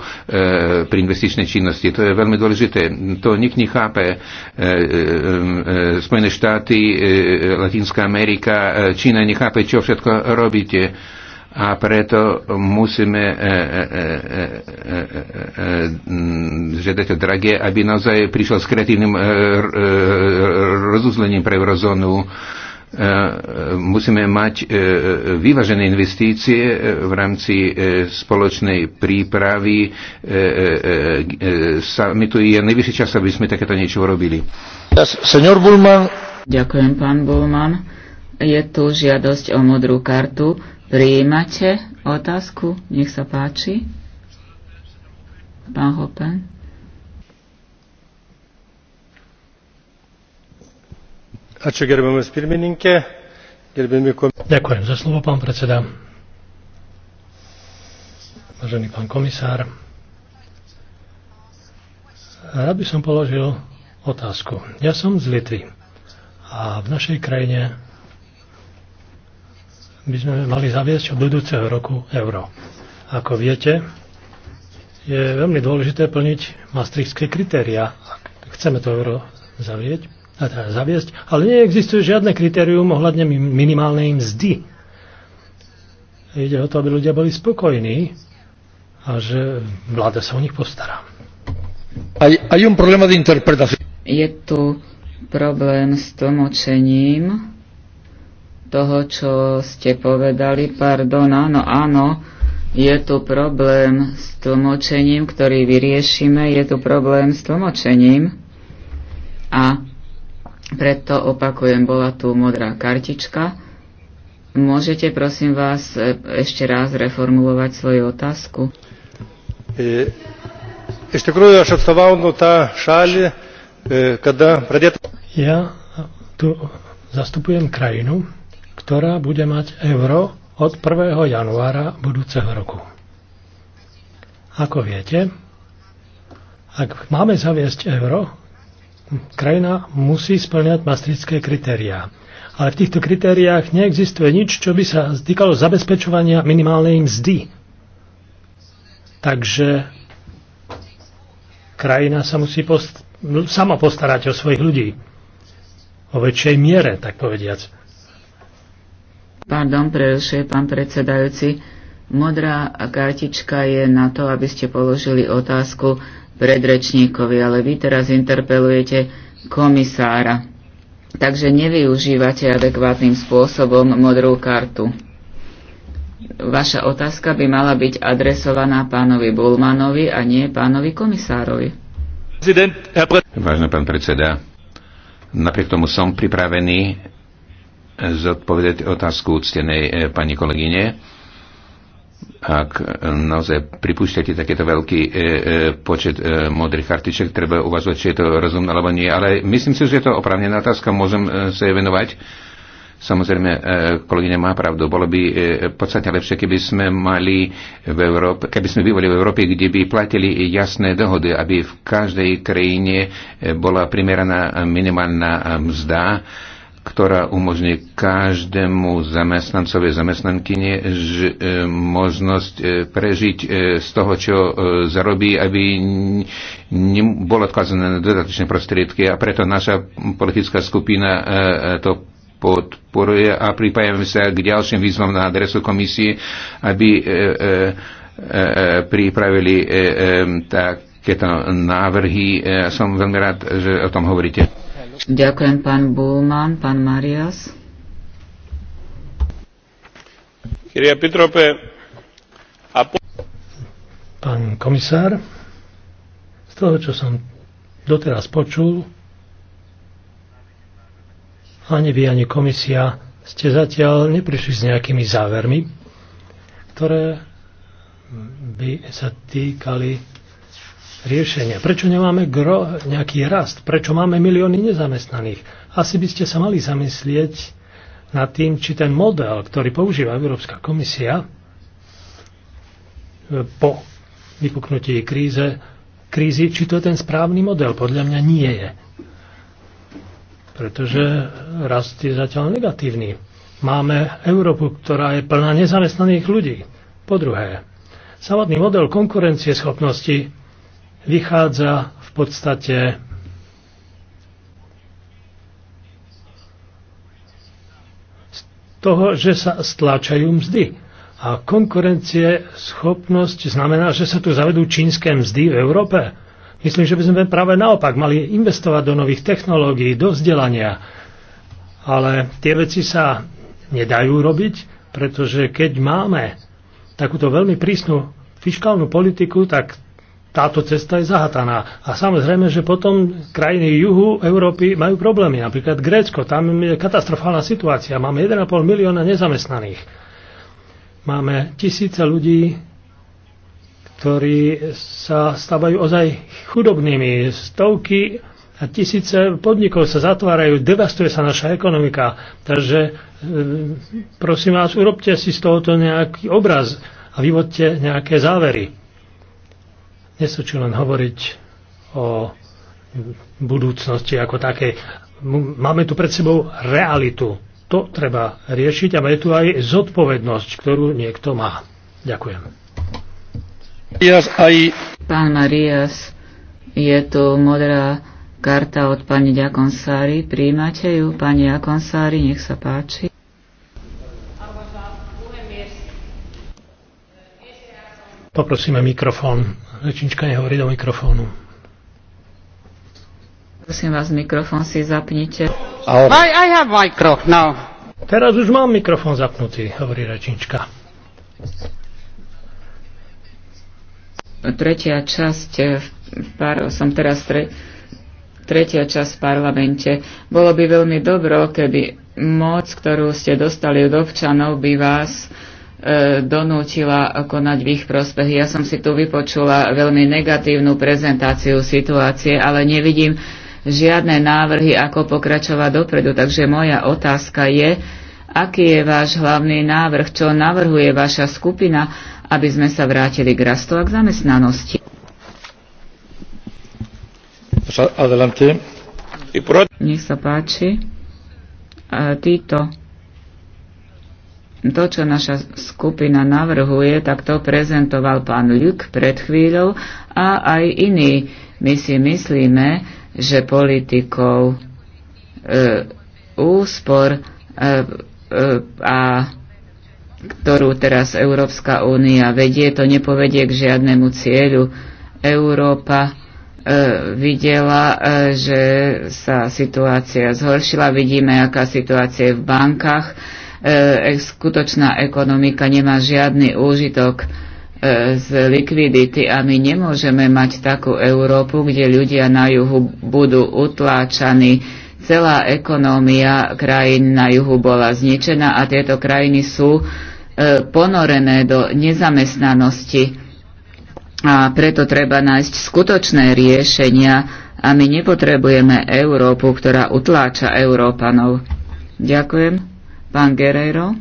pri investičnej činnosti. To je veľmi dôležité. To nik nechápe. Spojené štáty, Latinská Amerika, Čína nechápe, čo všetko robíte a preto musíme žiadať o Drage, aby naozaj prišiel s kreatívnym rozuzlením pre eurozónu e, musíme mať e, vyvážené investície e, v rámci spoločnej prípravy. Mi tu je najvyšší čas, aby sme takéto niečo robili. Ďakujem, pán Bulman. Je tu žiadosť o modrú kartu. Prijímate otázku? Nech sa páči. Pán Hopen. Ďakujem za slovo, pán predseda. Vážený pán komisár, rád by som položil otázku. Ja som z Litvy a v našej krajine by sme mali zaviesť od budúceho roku euro. Ako viete, je veľmi dôležité plniť maastrichtské kritéria, ak chceme to euro zavieť. Teda zaviesť, ale neexistuje žiadne kritérium ohľadne minimálnej mzdy. Ide o to, aby ľudia boli spokojní a že vláda sa o nich postará. Je tu problém s tlmočením toho, čo ste povedali. Pardon, áno, áno, je tu problém s tlmočením, ktorý vyriešime. Je tu problém s tlmočením. A preto opakujem, bola tu modrá kartička. Môžete prosím vás e, ešte raz reformulovať svoju otázku? E, ešte e, kada Ja tu zastupujem krajinu, ktorá bude mať euro od 1. januára budúceho roku. Ako viete, ak máme zaviesť euro, krajina musí splňať maastrichtské kritériá. Ale v týchto kritériách neexistuje nič, čo by sa týkalo zabezpečovania minimálnej mzdy. Takže krajina sa musí post- sama postarať o svojich ľudí. O väčšej miere, tak povediac. Pardon, prerušuje pán predsedajúci. Modrá kartička je na to, aby ste položili otázku predrečníkovi, ale vy teraz interpelujete komisára. Takže nevyužívate adekvátnym spôsobom modrú kartu. Vaša otázka by mala byť adresovaná pánovi Bulmanovi a nie pánovi komisárovi. Vážno pán predseda, napriek tomu som pripravený zodpovedať otázku úctenej eh, pani kolegyne ak naozaj pripúšťate takéto veľký e, e, počet e, modrých kartiček, treba uvažovať, či je to rozumné alebo nie. Ale myslím si, že je to opravnená otázka, môžem e, sa jej venovať. Samozrejme, e, kolegyňa má pravdu, bolo by e, podstatne lepšie, keby sme mali v Európe, keby sme bývali v Európe, kde by platili jasné dohody, aby v každej krajine e, bola primeraná minimálna mzda ktorá umožní každému zamestnancovi zamestnankyne e, možnosť e, prežiť e, z toho, čo e, zarobí, aby nebolo odkazané na dodatočné prostriedky a preto naša politická skupina e, e, to podporuje a pripájame sa k ďalším výzvam na adresu komisie, aby e, e, e, pripravili e, e, takéto návrhy. E, som veľmi rád, že o tom hovoríte. Ďakujem pán Bulman, pán Marias. Pán komisár, z toho, čo som doteraz počul, ani vy, ani komisia ste zatiaľ neprišli s nejakými závermi, ktoré by sa týkali riešenia. Prečo nemáme gro, nejaký rast? Prečo máme milióny nezamestnaných? Asi by ste sa mali zamyslieť nad tým, či ten model, ktorý používa Európska komisia e, po vypuknutí kríze, krízy, či to je ten správny model. Podľa mňa nie je. Pretože rast je zatiaľ negatívny. Máme Európu, ktorá je plná nezamestnaných ľudí. Po druhé, samotný model konkurencieschopnosti vychádza v podstate z toho, že sa stláčajú mzdy. A konkurencie, schopnosť znamená, že sa tu zavedú čínske mzdy v Európe. Myslím, že by sme práve naopak mali investovať do nových technológií, do vzdelania. Ale tie veci sa nedajú robiť, pretože keď máme takúto veľmi prísnu fiskálnu politiku, tak táto cesta je zahataná. A samozrejme, že potom krajiny juhu Európy majú problémy. Napríklad Grécko, tam je katastrofálna situácia. Máme 1,5 milióna nezamestnaných. Máme tisíce ľudí, ktorí sa stávajú ozaj chudobnými. Stovky a tisíce podnikov sa zatvárajú, devastuje sa naša ekonomika. Takže e, prosím vás, urobte si z tohoto nejaký obraz a vyvodte nejaké závery nesúču len hovoriť o budúcnosti ako takej. Máme tu pred sebou realitu. To treba riešiť a je tu aj zodpovednosť, ktorú niekto má. Ďakujem. Pán Marias, je tu modrá karta od pani Ďakonsári. Príjmate ju, pani Ďakonsári, nech sa páči. Poprosíme mikrofón. Rečnička nehovorí do mikrofónu. Prosím vás, mikrofón si zapnite. I, I have micro now. Teraz už mám mikrofón zapnutý, hovorí rečnička. Tretia časť, eh, par, som teraz tre, tretia časť v parlamente. Bolo by veľmi dobro, keby moc, ktorú ste dostali od občanov, by vás E, donútila konať v ich prospech. Ja som si tu vypočula veľmi negatívnu prezentáciu situácie, ale nevidím žiadne návrhy, ako pokračovať dopredu. Takže moja otázka je, aký je váš hlavný návrh, čo navrhuje vaša skupina, aby sme sa vrátili k rastu a k zamestnanosti. Nech sa páči. E, títo to, čo naša skupina navrhuje, tak to prezentoval pán Ľuk pred chvíľou a aj iní. My si myslíme, že politikov e, úspor e, e, a ktorú teraz Európska únia vedie, to nepovedie k žiadnemu cieľu. Európa e, videla, e, že sa situácia zhoršila, vidíme, aká situácia je v bankách E, e, skutočná ekonomika nemá žiadny úžitok e, z likvidity a my nemôžeme mať takú Európu, kde ľudia na juhu budú utláčaní. Celá ekonómia krajín na juhu bola zničená a tieto krajiny sú ponorené do nezamestnanosti a preto treba nájsť skutočné riešenia a my nepotrebujeme Európu, ktorá utláča Európanov. Ďakujem. Pán Guerrero.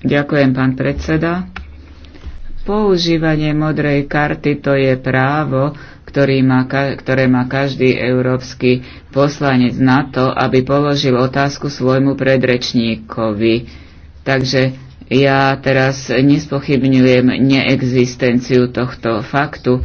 Ďakujem, pán predseda. Používanie modrej karty to je právo, ktorý má, ktoré má každý európsky poslanec na to, aby položil otázku svojmu predrečníkovi. Takže ja teraz nespochybňujem neexistenciu tohto faktu,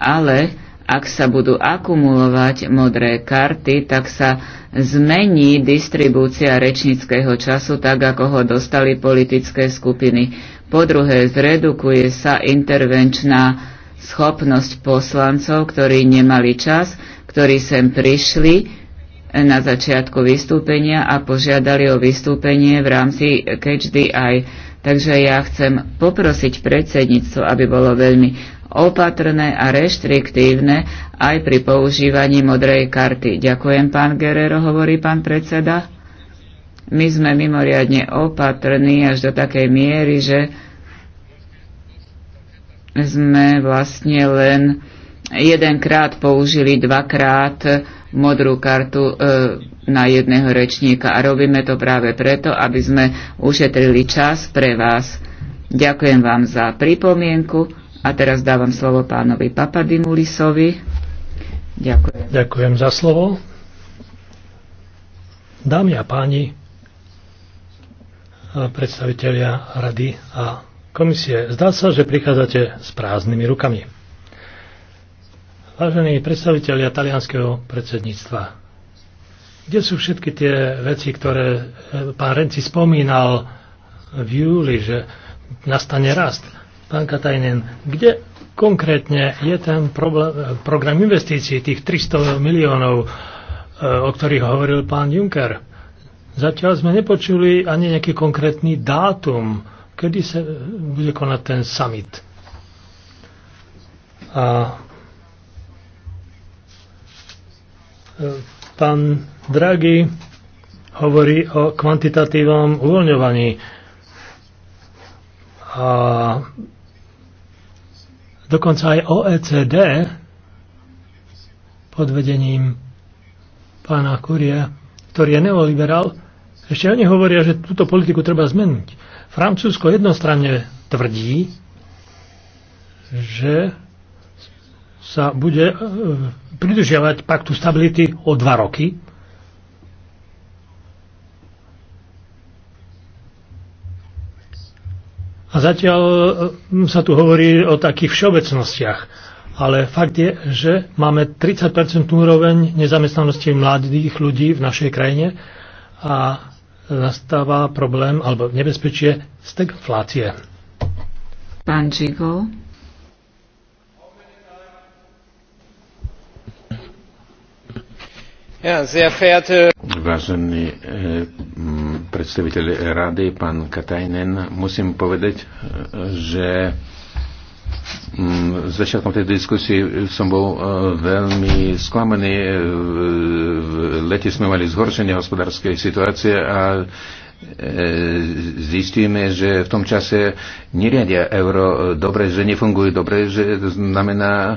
ale ak sa budú akumulovať modré karty, tak sa zmení distribúcia rečníckého času tak, ako ho dostali politické skupiny. Po druhé, zredukuje sa intervenčná schopnosť poslancov, ktorí nemali čas, ktorí sem prišli na začiatku vystúpenia a požiadali o vystúpenie v rámci Catch the Eye. Takže ja chcem poprosiť predsedníctvo, aby bolo veľmi opatrné a reštriktívne aj pri používaní modrej karty. Ďakujem, pán Gerero, hovorí pán predseda. My sme mimoriadne opatrní až do takej miery, že sme vlastne len jedenkrát použili dvakrát modrú kartu e, na jedného rečníka a robíme to práve preto, aby sme ušetrili čas pre vás. Ďakujem vám za pripomienku a teraz dávam slovo pánovi Papadimulisovi. Ďakujem. Ďakujem za slovo. Dámy a páni, predstavitelia rady a komisie, zdá sa, že prichádzate s prázdnymi rukami. Vážení predstavitelia talianského predsedníctva, kde sú všetky tie veci, ktoré eh, pán Renci spomínal v júli, že nastane rast? Pán Katajnen, kde konkrétne je ten problém, program investícií, tých 300 miliónov, e, o ktorých hovoril pán Juncker? Zatiaľ sme nepočuli ani nejaký konkrétny dátum, kedy sa bude konať ten summit. A e, pán Draghi hovorí o kvantitatívnom uvoľňovaní. A Dokonca aj OECD pod vedením pána Kuria, ktorý je neoliberál, ešte oni hovoria, že túto politiku treba zmeniť. Francúzsko jednostranne tvrdí, že sa bude e, e, pridržiavať paktu stability o dva roky, A zatiaľ hm, sa tu hovorí o takých všeobecnostiach. Ale fakt je, že máme 30% úroveň nezamestnanosti mladých ľudí v našej krajine a nastáva problém alebo nebezpečie stagflácie. Pán Žigo. Vážený eh, predstaviteľ rady, pán Katajnen, musím povedať, eh, že začiatkom tej diskusie som bol eh, veľmi sklamaný. V lete sme mali zhoršenie hospodárskej situácie a E, zistíme, že v tom čase neriadia euro dobre, že nefungujú dobre, že to znamená, e,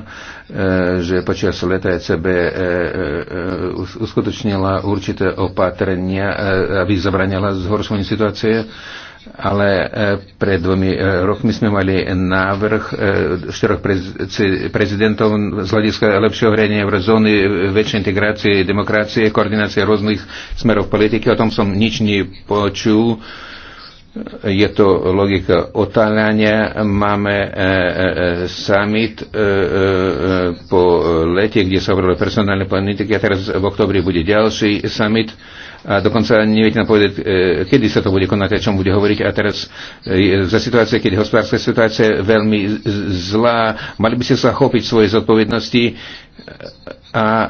že počas leta ECB e, uskutočnila určité opatrenia, aby zabranila zhoršovanie situácie ale e, pred dvomi e, rokmi sme mali návrh e, štyroch prezidentov z hľadiska lepšieho riadenia eurozóny, väčšej integrácie, demokracie, koordinácie rôznych smerov politiky. O tom som nič nepočul. Je to logika otáľania. Máme summit po lete, kde sa hovorilo personálne politiky a teraz v oktobri bude ďalší summit a dokonca neviete nám povedať, e, kedy sa to bude konať, o čom bude hovoriť. A teraz e, za situácie, keď hospodárska situácia je veľmi zlá, mali by ste sa chopiť svoje zodpovednosti a e,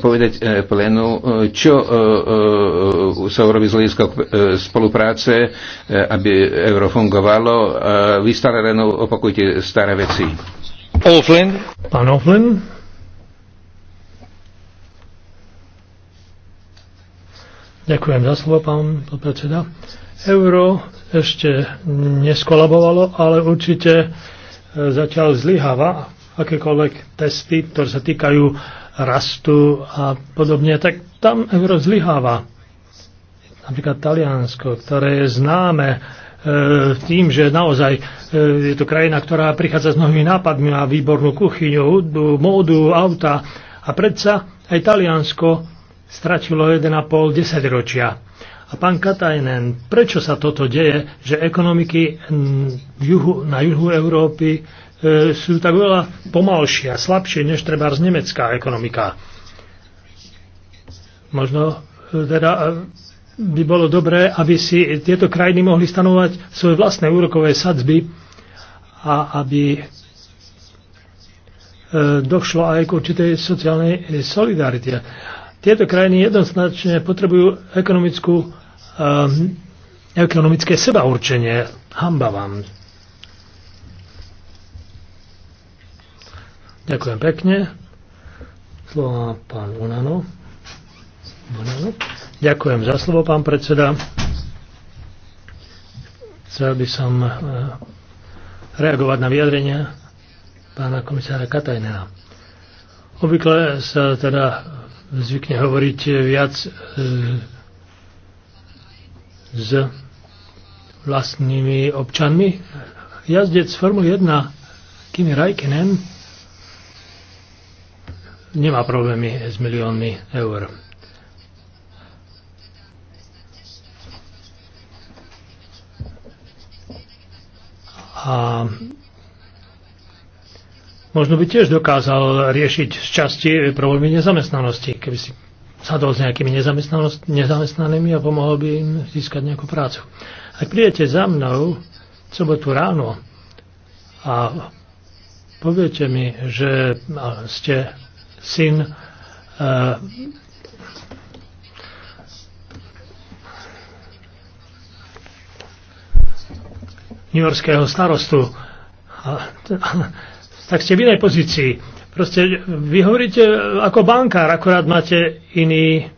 povedať plénu, čo sa urobí z hľadiska spolupráce, aby euro fungovalo. Vy stále len opakujte staré veci. Oflin. Pán Oflin. Ďakujem za slovo, pán podpredseda. Euro ešte neskolabovalo, ale určite e, zatiaľ zlyháva akékoľvek testy, ktoré sa týkajú rastu a podobne, tak tam euro zlyháva. Napríklad Taliansko, ktoré je známe e, tým, že naozaj e, je to krajina, ktorá prichádza s mnohými nápadmi, a výbornú kuchyňu, hudbu, módu, auta a predsa aj Taliansko stračilo 1,5 desaťročia. A pán Katajnen, prečo sa toto deje, že ekonomiky juhu, na juhu Európy e, sú tak veľa pomalšie a slabšie než treba z nemecká ekonomika? Možno e, teda e, by bolo dobré, aby si tieto krajiny mohli stanovať svoje vlastné úrokové sadzby a aby e, došlo aj k určitej sociálnej solidarite. Tieto krajiny jednoznačne potrebujú ekonomickú, um, ekonomické sebaurčenie. Hamba vám. Ďakujem pekne. Slovo pán Unano. Unano. Ďakujem za slovo, pán predseda. Chcel by som eh, reagovať na vyjadrenia pána komisára Katajnera. Obvykle sa teda zvykne hovoriť eh, viac s eh, vlastnými občanmi. Jazdec Formule 1 Kimi Raikkonen nemá problémy s miliónmi eur. A možno by tiež dokázal riešiť z časti problémy nezamestnanosti, keby si sadol s nejakými nezamestnanými a pomohol by im získať nejakú prácu. Ak prídete za mnou v sobotu ráno a poviete mi, že ste syn eh, New Yorkského starostu, a, a, tak ste v inej pozícii. Proste e, vy hovoríte e, ako bankár, akorát máte iný,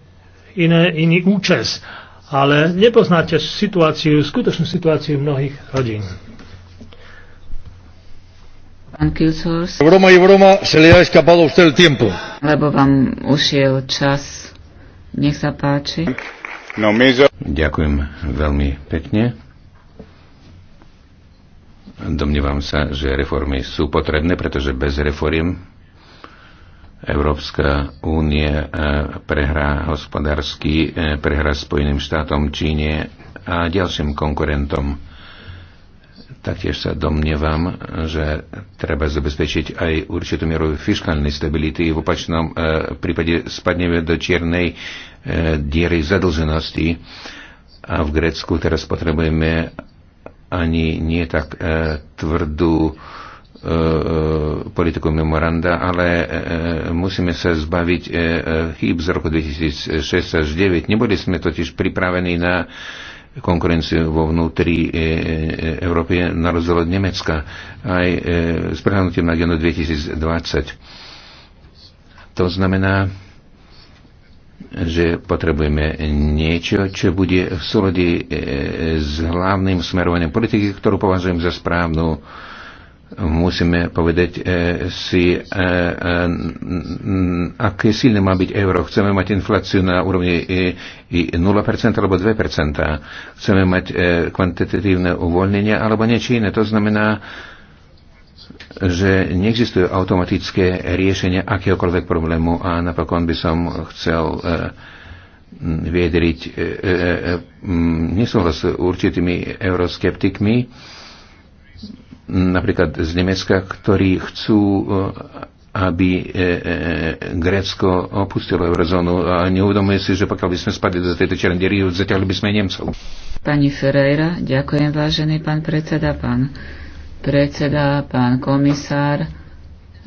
iné, iný účes, ale nepoznáte situáciu, skutočnú situáciu mnohých rodín. Broma y broma, se le ha escapado usted el tiempo. Lebo vám ušiel čas. Nech sa páči. No, my... Ďakujem veľmi pekne. Domnívam sa, že reformy sú potrebné, pretože bez reforiem Európska únie e, prehrá hospodársky, e, prehrá Spojeným štátom, Číne a ďalším konkurentom. Taktiež sa domnievam, že treba zabezpečiť aj určitú mieru fiskálnej stability. V opačnom e, prípade spadneme do čiernej diery zadlženosti. A v Grécku teraz potrebujeme ani nie tak e, tvrdú e, e, politiku memoranda, ale musíme sa zbaviť chýb z roku 2006 až 2009. Neboli sme totiž pripravení na konkurenciu vo vnútri Európy na rozdiel od Nemecka aj s prehľadnutím na genu 2020. To znamená, že potrebujeme niečo, čo bude v súlade e, s hlavným smerovaním politiky, ktorú považujem za správnu. Musíme povedať e, si, e, aké silné má byť euro. Chceme mať infláciu na úrovni 0% alebo 2%. Chceme mať kvantitatívne uvoľnenie alebo niečo iné. To znamená, že neexistuje automatické riešenie akéhokoľvek problému a napokon by som chcel e, vyjadriť e, e, nesúhlas s určitými euroskeptikmi, napríklad z Nemecka, ktorí chcú, aby Grécko opustilo eurozónu a neuvedomuje si, že pokiaľ by sme spadli do tejto čiernej diery, zatiaľ by sme Nemcov. Pani Ferreira, ďakujem vážený pán predseda, pán predseda, pán komisár.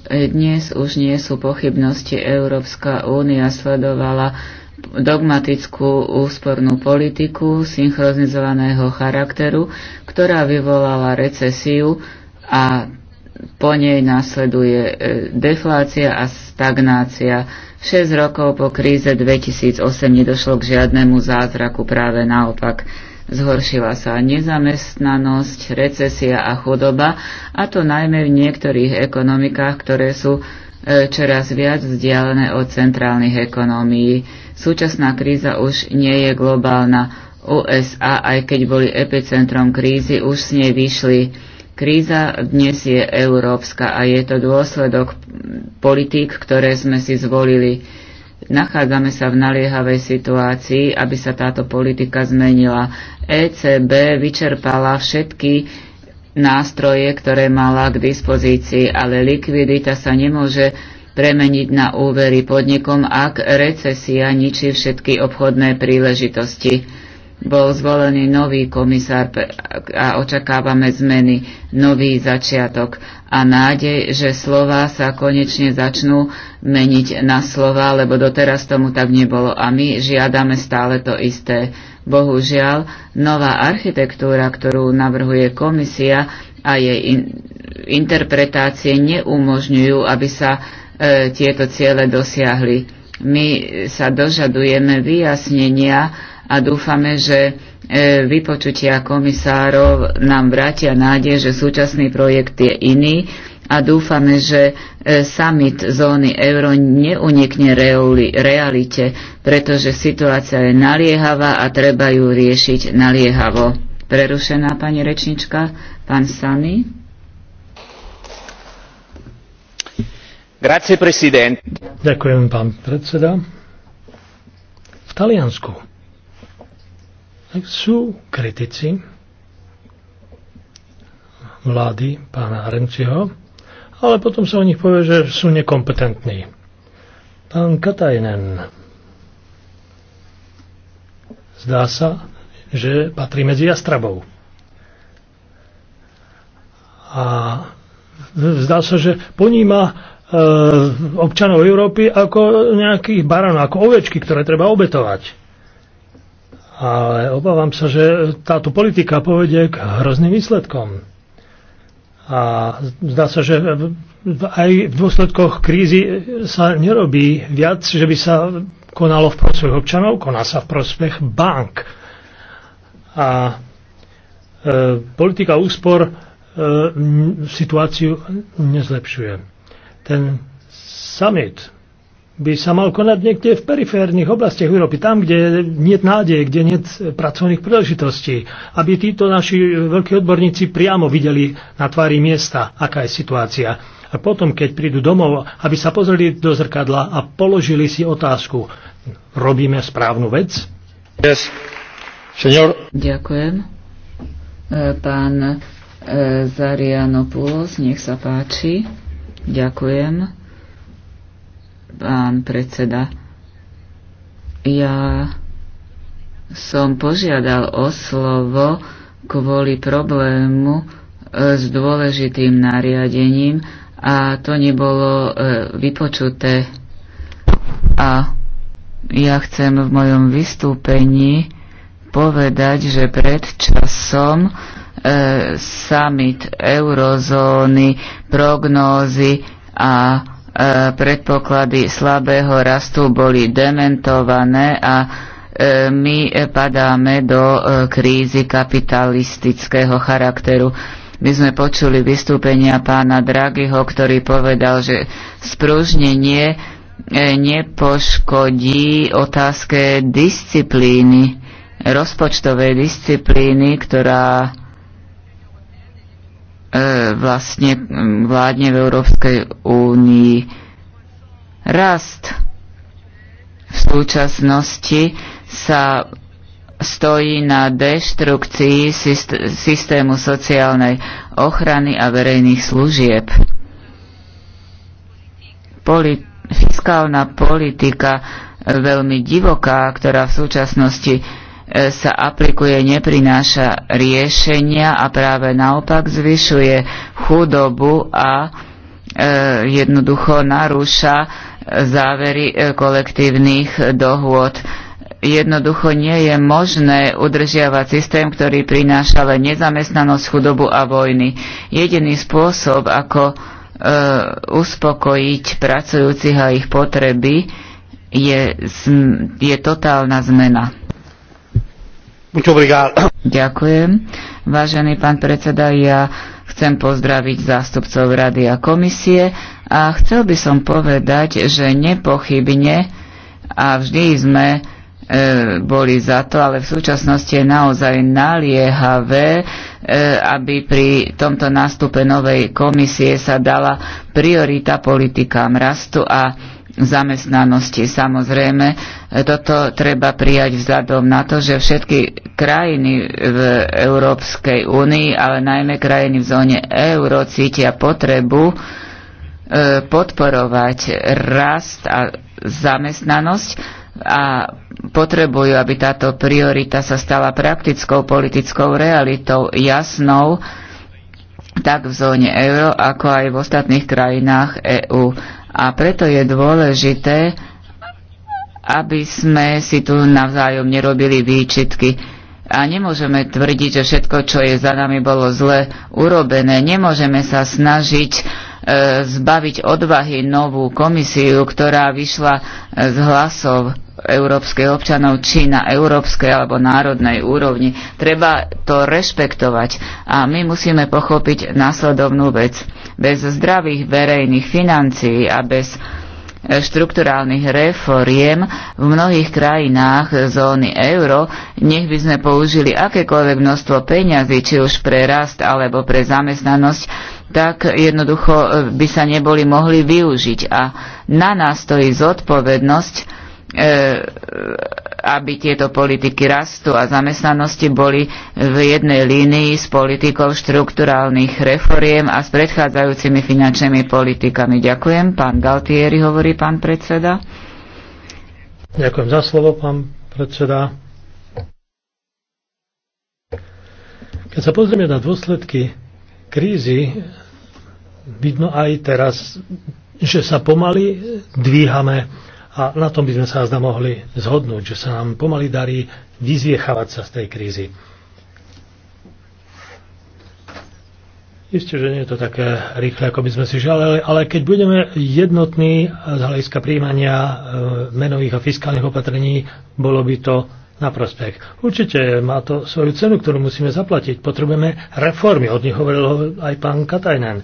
E, dnes už nie sú pochybnosti. Európska únia sledovala dogmatickú úspornú politiku synchronizovaného charakteru, ktorá vyvolala recesiu a po nej následuje e, deflácia a stagnácia. 6 rokov po kríze 2008 nedošlo k žiadnemu zázraku, práve naopak. Zhoršila sa nezamestnanosť, recesia a chudoba, a to najmä v niektorých ekonomikách, ktoré sú e, čoraz viac vzdialené od centrálnych ekonomií. Súčasná kríza už nie je globálna. USA, aj keď boli epicentrom krízy, už s nej vyšli. Kríza dnes je európska a je to dôsledok politík, ktoré sme si zvolili. Nachádzame sa v naliehavej situácii, aby sa táto politika zmenila. ECB vyčerpala všetky nástroje, ktoré mala k dispozícii, ale likvidita sa nemôže premeniť na úvery podnikom, ak recesia ničí všetky obchodné príležitosti bol zvolený nový komisár a očakávame zmeny, nový začiatok a nádej, že slova sa konečne začnú meniť na slova, lebo doteraz tomu tak nebolo a my žiadame stále to isté. Bohužiaľ, nová architektúra, ktorú navrhuje komisia a jej in interpretácie neumožňujú, aby sa e, tieto ciele dosiahli. My sa dožadujeme vyjasnenia, a dúfame, že e, vypočutia komisárov nám vrátia nádej, že súčasný projekt je iný a dúfame, že e, summit zóny euro neunikne realite, pretože situácia je naliehavá a treba ju riešiť naliehavo. Prerušená pani rečnička, pán Sami. Grazie, Ďakujem, pán predseda. V Taliansku sú kritici vlády pána Renciho, ale potom sa o nich povie, že sú nekompetentní. Pán Katajnen, zdá sa, že patrí medzi Jastrabou. A zdá sa, že poníma e, občanov Európy ako nejakých baranov, ako ovečky, ktoré treba obetovať ale obávam sa, že táto politika povedie k hrozným výsledkom. A zdá sa, že aj v dôsledkoch krízy sa nerobí viac, že by sa konalo v prospech občanov, koná sa v prospech bank. A e, politika úspor e, situáciu nezlepšuje. Ten summit by sa mal konať niekde v periférnych oblastiach Európy, tam, kde nie je nádeje, kde nie je pracovných príležitostí, aby títo naši veľkí odborníci priamo videli na tvári miesta, aká je situácia. A potom, keď prídu domov, aby sa pozreli do zrkadla a položili si otázku, robíme správnu vec? Yes. Senior. Ďakujem. E, pán e, Zarianopoulos, nech sa páči. Ďakujem pán predseda. Ja som požiadal o slovo kvôli problému e, s dôležitým nariadením a to nebolo e, vypočuté. A ja chcem v mojom vystúpení povedať, že pred časom e, summit eurozóny, prognózy a predpoklady slabého rastu boli dementované a e, my padáme do e, krízy kapitalistického charakteru. My sme počuli vystúpenia pána Draghiho, ktorý povedal, že spružnenie e, nepoškodí otázke disciplíny, rozpočtovej disciplíny, ktorá E, vlastne vládne v Európskej únii rast. V súčasnosti sa stojí na deštrukcii systému sociálnej ochrany a verejných služieb. Poli- fiskálna politika e, veľmi divoká, ktorá v súčasnosti sa aplikuje, neprináša riešenia a práve naopak zvyšuje chudobu a e, jednoducho narúša závery e, kolektívnych dohôd. Jednoducho nie je možné udržiavať systém, ktorý prináša len nezamestnanosť, chudobu a vojny. Jediný spôsob, ako e, uspokojiť pracujúcich a ich potreby, je, je totálna zmena. Ďakujem. Vážený pán predseda, ja chcem pozdraviť zástupcov Rady a komisie a chcel by som povedať, že nepochybne a vždy sme e, boli za to, ale v súčasnosti je naozaj naliehavé, e, aby pri tomto nástupe novej komisie sa dala priorita politikám rastu a zamestnanosti. Samozrejme, toto treba prijať vzhľadom na to, že všetky krajiny v Európskej únii, ale najmä krajiny v zóne euro cítia potrebu e, podporovať rast a zamestnanosť a potrebujú, aby táto priorita sa stala praktickou politickou realitou, jasnou, tak v zóne euro, ako aj v ostatných krajinách EÚ. A preto je dôležité, aby sme si tu navzájom nerobili výčitky. A nemôžeme tvrdiť, že všetko, čo je za nami, bolo zle urobené. Nemôžeme sa snažiť e, zbaviť odvahy novú komisiu, ktorá vyšla e, z hlasov európskej občanov, či na európskej alebo národnej úrovni. Treba to rešpektovať a my musíme pochopiť následovnú vec bez zdravých verejných financií a bez e, štrukturálnych reforiem v mnohých krajinách zóny euro, nech by sme použili akékoľvek množstvo peňazí, či už pre rast alebo pre zamestnanosť, tak jednoducho e, by sa neboli mohli využiť. A na nás stojí zodpovednosť, E, aby tieto politiky rastu a zamestnanosti boli v jednej línii s politikou štruktúrálnych reforiem a s predchádzajúcimi finančnými politikami. Ďakujem. Pán Galtieri hovorí, pán predseda. Ďakujem za slovo, pán predseda. Keď sa pozrieme na dôsledky krízy, vidno aj teraz, že sa pomaly dvíhame a na tom by sme sa zda mohli zhodnúť, že sa nám pomaly darí vyzviechavať sa z tej krízy. Isté, že nie je to také rýchle, ako by sme si želeli, ale keď budeme jednotní z hľadiska príjmania e, menových a fiskálnych opatrení, bolo by to na prospech. Určite má to svoju cenu, ktorú musíme zaplatiť. Potrebujeme reformy, od nich hovoril aj pán Katajnen.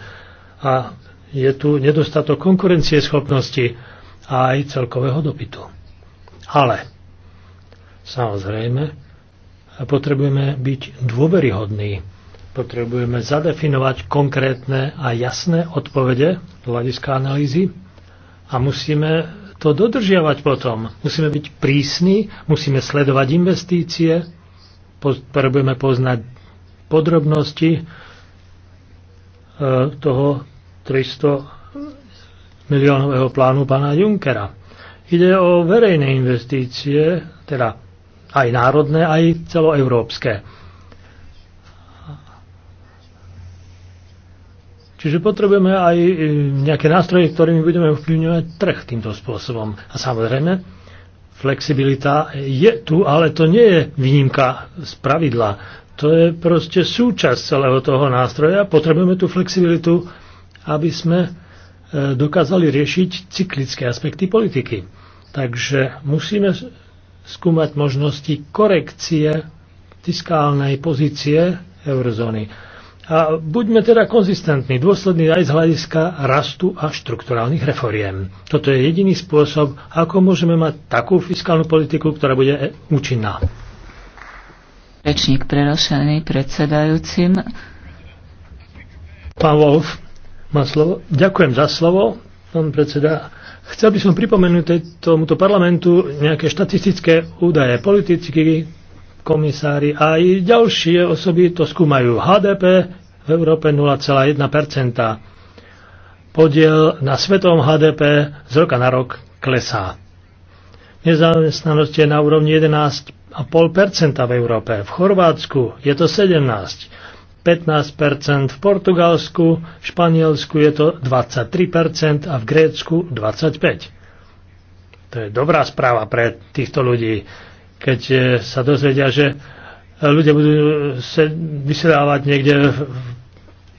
A je tu nedostatok konkurencieschopnosti a aj celkového dopytu. Ale samozrejme potrebujeme byť dôveryhodní, potrebujeme zadefinovať konkrétne a jasné odpovede hľadiska analýzy a musíme to dodržiavať potom. Musíme byť prísni, musíme sledovať investície, potrebujeme poznať podrobnosti eh, toho 300 miliónového plánu pána Junkera. Ide o verejné investície, teda aj národné, aj celoeurópske. Čiže potrebujeme aj e, nejaké nástroje, ktorými budeme vplyvňovať trh týmto spôsobom. A samozrejme, flexibilita je tu, ale to nie je výnimka z pravidla. To je proste súčasť celého toho nástroja. Potrebujeme tú flexibilitu, aby sme dokázali riešiť cyklické aspekty politiky. Takže musíme skúmať možnosti korekcie fiskálnej pozície eurozóny. A buďme teda konzistentní, dôslední aj z hľadiska rastu a štrukturálnych reforiem. Toto je jediný spôsob, ako môžeme mať takú fiskálnu politiku, ktorá bude účinná. Rečník prerošený predsedajúcim. Pán Wolf, má slovo. Ďakujem za slovo, pán predseda. Chcel by som pripomenúť tomuto parlamentu nejaké štatistické údaje. Politici, komisári a aj ďalšie osoby to skúmajú. HDP v Európe 0,1%. Podiel na svetovom HDP z roka na rok klesá. Nezamestnanosť je na úrovni 11,5% v Európe. V Chorvátsku je to 17 15 v Portugalsku, v Španielsku je to 23 a v Grécku 25 To je dobrá správa pre týchto ľudí, keď eh, sa dozvedia, že eh, ľudia budú sa vysedávať niekde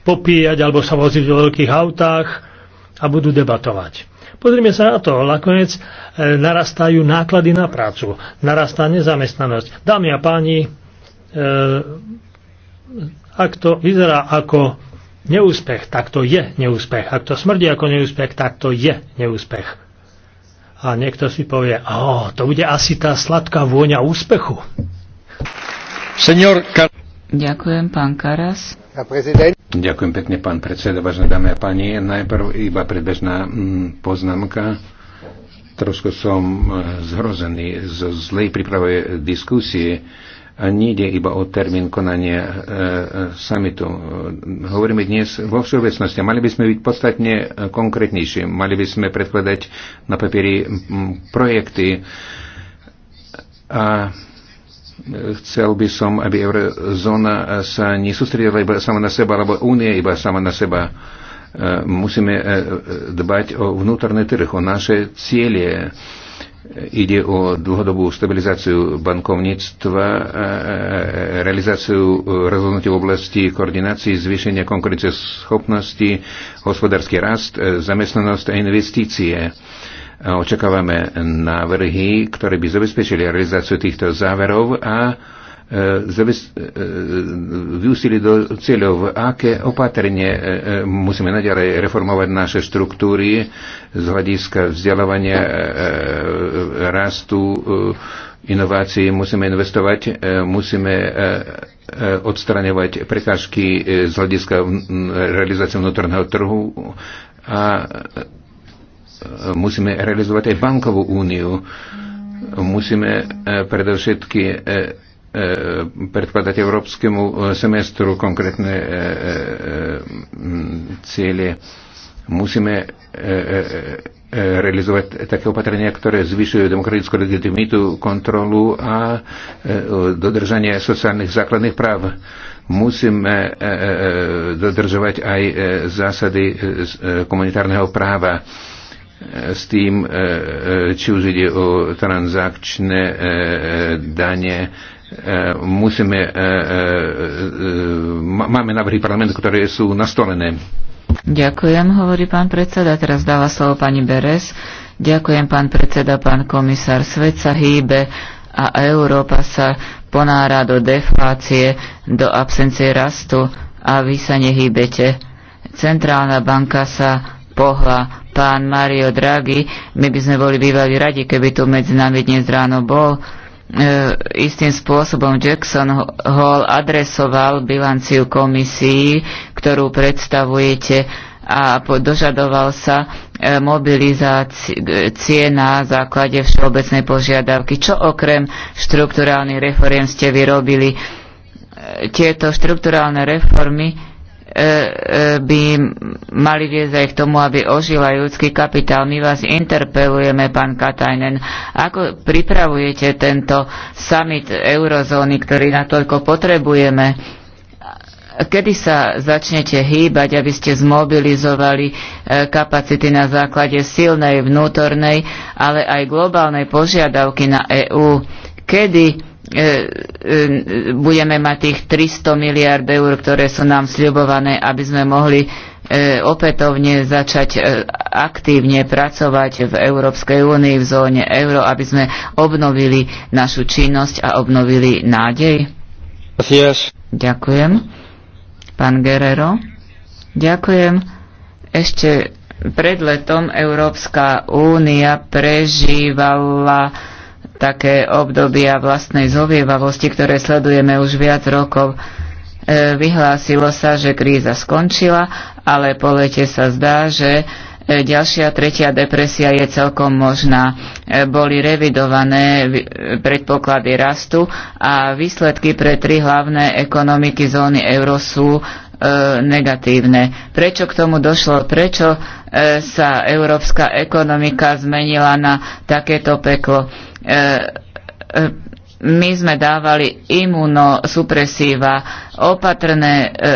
popíjať alebo sa voziť vo veľkých autách a budú debatovať. Pozrime sa na to, nakoniec eh, narastajú náklady na prácu, narastá nezamestnanosť. Dámy a páni, ak to vyzerá ako neúspech, tak to je neúspech. Ak to smrdí ako neúspech, tak to je neúspech. A niekto si povie, oh, to bude asi tá sladká vôňa úspechu. Senior Kar- Ďakujem, pán Karas. Ďakujem pekne, pán predseda, vážené dámy a páni. Najprv iba predbežná mm, poznámka. Trošku som eh, zhrozený zo zlej príprave diskusie nejde iba o termín konania e, e, samitu. Hovoríme dnes vo všeobecnosti. Mali by sme byť podstatne e, konkrétnejší. Mali by sme predkladať na papieri projekty. A e, chcel by som, aby eurozóna sa nesústredila iba sama na seba, alebo únia iba sama na seba. Musíme dbať o vnútorný trh, o naše cieľe Ide o dlhodobú stabilizáciu bankovníctva, e, e, e, realizáciu rozhodnutí v oblasti koordinácií, zvýšenia schopnosti, hospodársky rast, zamestnanosť a investície. Očakávame návrhy, ktoré by zabezpečili realizáciu týchto záverov a E, e, e, vyústili do cieľov, aké opatrenie musíme naďalej reformovať naše štruktúry z hľadiska vzdelávania, rastu, inovácií, musíme investovať, musíme odstraňovať prekážky z hľadiska realizácie vnútorného trhu a musíme realizovať aj bankovú úniu. Musíme predovšetky E, predkladať európskemu e, semestru konkrétne e, cieľe. Musíme realizovať také opatrenia, ktoré zvyšujú demokratickú legitimitu, kontrolu a dodržanie sociálnych základných práv. Musíme dodržovať aj zásady komunitárneho práva s tým, či už ide o transakčné dane, E, musíme, e, e, máme návrhy parlamentu, ktoré sú nastolené. Ďakujem, hovorí pán predseda. Teraz dáva slovo pani Beres. Ďakujem, pán predseda, pán komisár. Svet sa hýbe a Európa sa ponára do deflácie, do absencie rastu a vy sa nehýbete. Centrálna banka sa pohla. Pán Mario Draghi, my by sme boli bývali radi, keby tu medzi nami dnes ráno bol E, istým spôsobom Jackson Hall adresoval bilanciu komisii, ktorú predstavujete a dožadoval sa e, mobilizácie na základe všeobecnej požiadavky. Čo okrem štruktúrálnych reforiem ste vyrobili? E, tieto štruktúrálne reformy E, e, by mali viesť aj k tomu, aby ožila ľudský kapitál. My vás interpelujeme, pán Katajnen. Ako pripravujete tento summit eurozóny, ktorý natoľko potrebujeme? Kedy sa začnete hýbať, aby ste zmobilizovali e, kapacity na základe silnej vnútornej, ale aj globálnej požiadavky na EÚ? Kedy E, e, budeme mať tých 300 miliard eur, ktoré sú nám sľubované, aby sme mohli e, opätovne začať aktívne pracovať v Európskej únii, v zóne euro, aby sme obnovili našu činnosť a obnovili nádej? Yes. Ďakujem. Pán Guerrero? Ďakujem. Ešte pred letom Európska únia prežívala také obdobia vlastnej zovievavosti, ktoré sledujeme už viac rokov. E, vyhlásilo sa, že kríza skončila, ale po lete sa zdá, že e, ďalšia tretia depresia je celkom možná. E, boli revidované e, predpoklady rastu a výsledky pre tri hlavné ekonomiky zóny euro sú E, negatívne. Prečo k tomu došlo? Prečo e, sa európska ekonomika zmenila na takéto peklo? E, my sme dávali imunosupresíva, opatrné, e, e,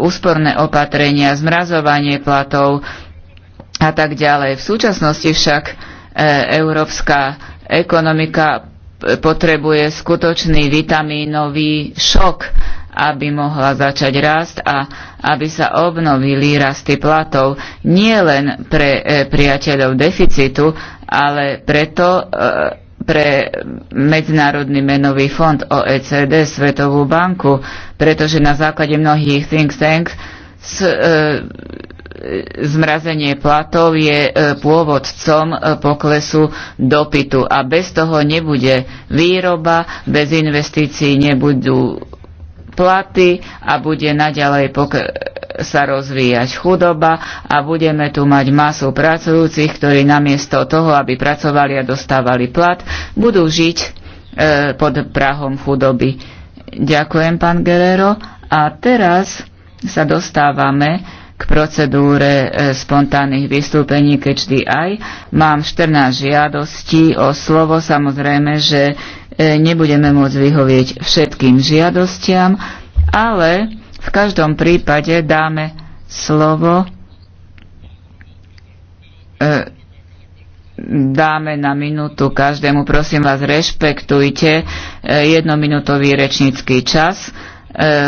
úsporné opatrenia, zmrazovanie platov a tak ďalej. V súčasnosti však e, európska ekonomika potrebuje skutočný vitamínový šok aby mohla začať rast a aby sa obnovili rasty platov nie len pre e, priateľov deficitu, ale preto e, pre Medzinárodný menový fond OECD, Svetovú banku, pretože na základe mnohých think tanks s, e, zmrazenie platov je e, pôvodcom e, poklesu dopytu a bez toho nebude výroba, bez investícií nebudú platy a bude naďalej sa rozvíjať chudoba a budeme tu mať masu pracujúcich, ktorí namiesto toho, aby pracovali a dostávali plat, budú žiť e, pod prahom chudoby. Ďakujem, pán Gerero. A teraz sa dostávame k procedúre e, spontánnych vystúpení, keď vždy aj. Mám 14 žiadostí o slovo, samozrejme, že E, nebudeme môcť vyhovieť všetkým žiadostiam, ale v každom prípade dáme slovo e, dáme na minútu každému. Prosím vás, rešpektujte e, jednominútový rečnícky čas,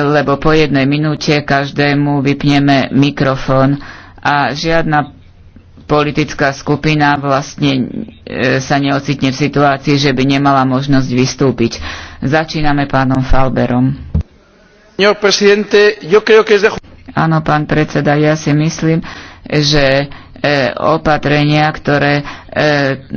lebo po jednej minúte každému vypneme mikrofón a žiadna politická skupina vlastne e, sa neocitne v situácii, že by nemala možnosť vystúpiť. Začíname pánom Falberom. Áno, pán predseda, ja si myslím, že E, opatrenia, ktoré e,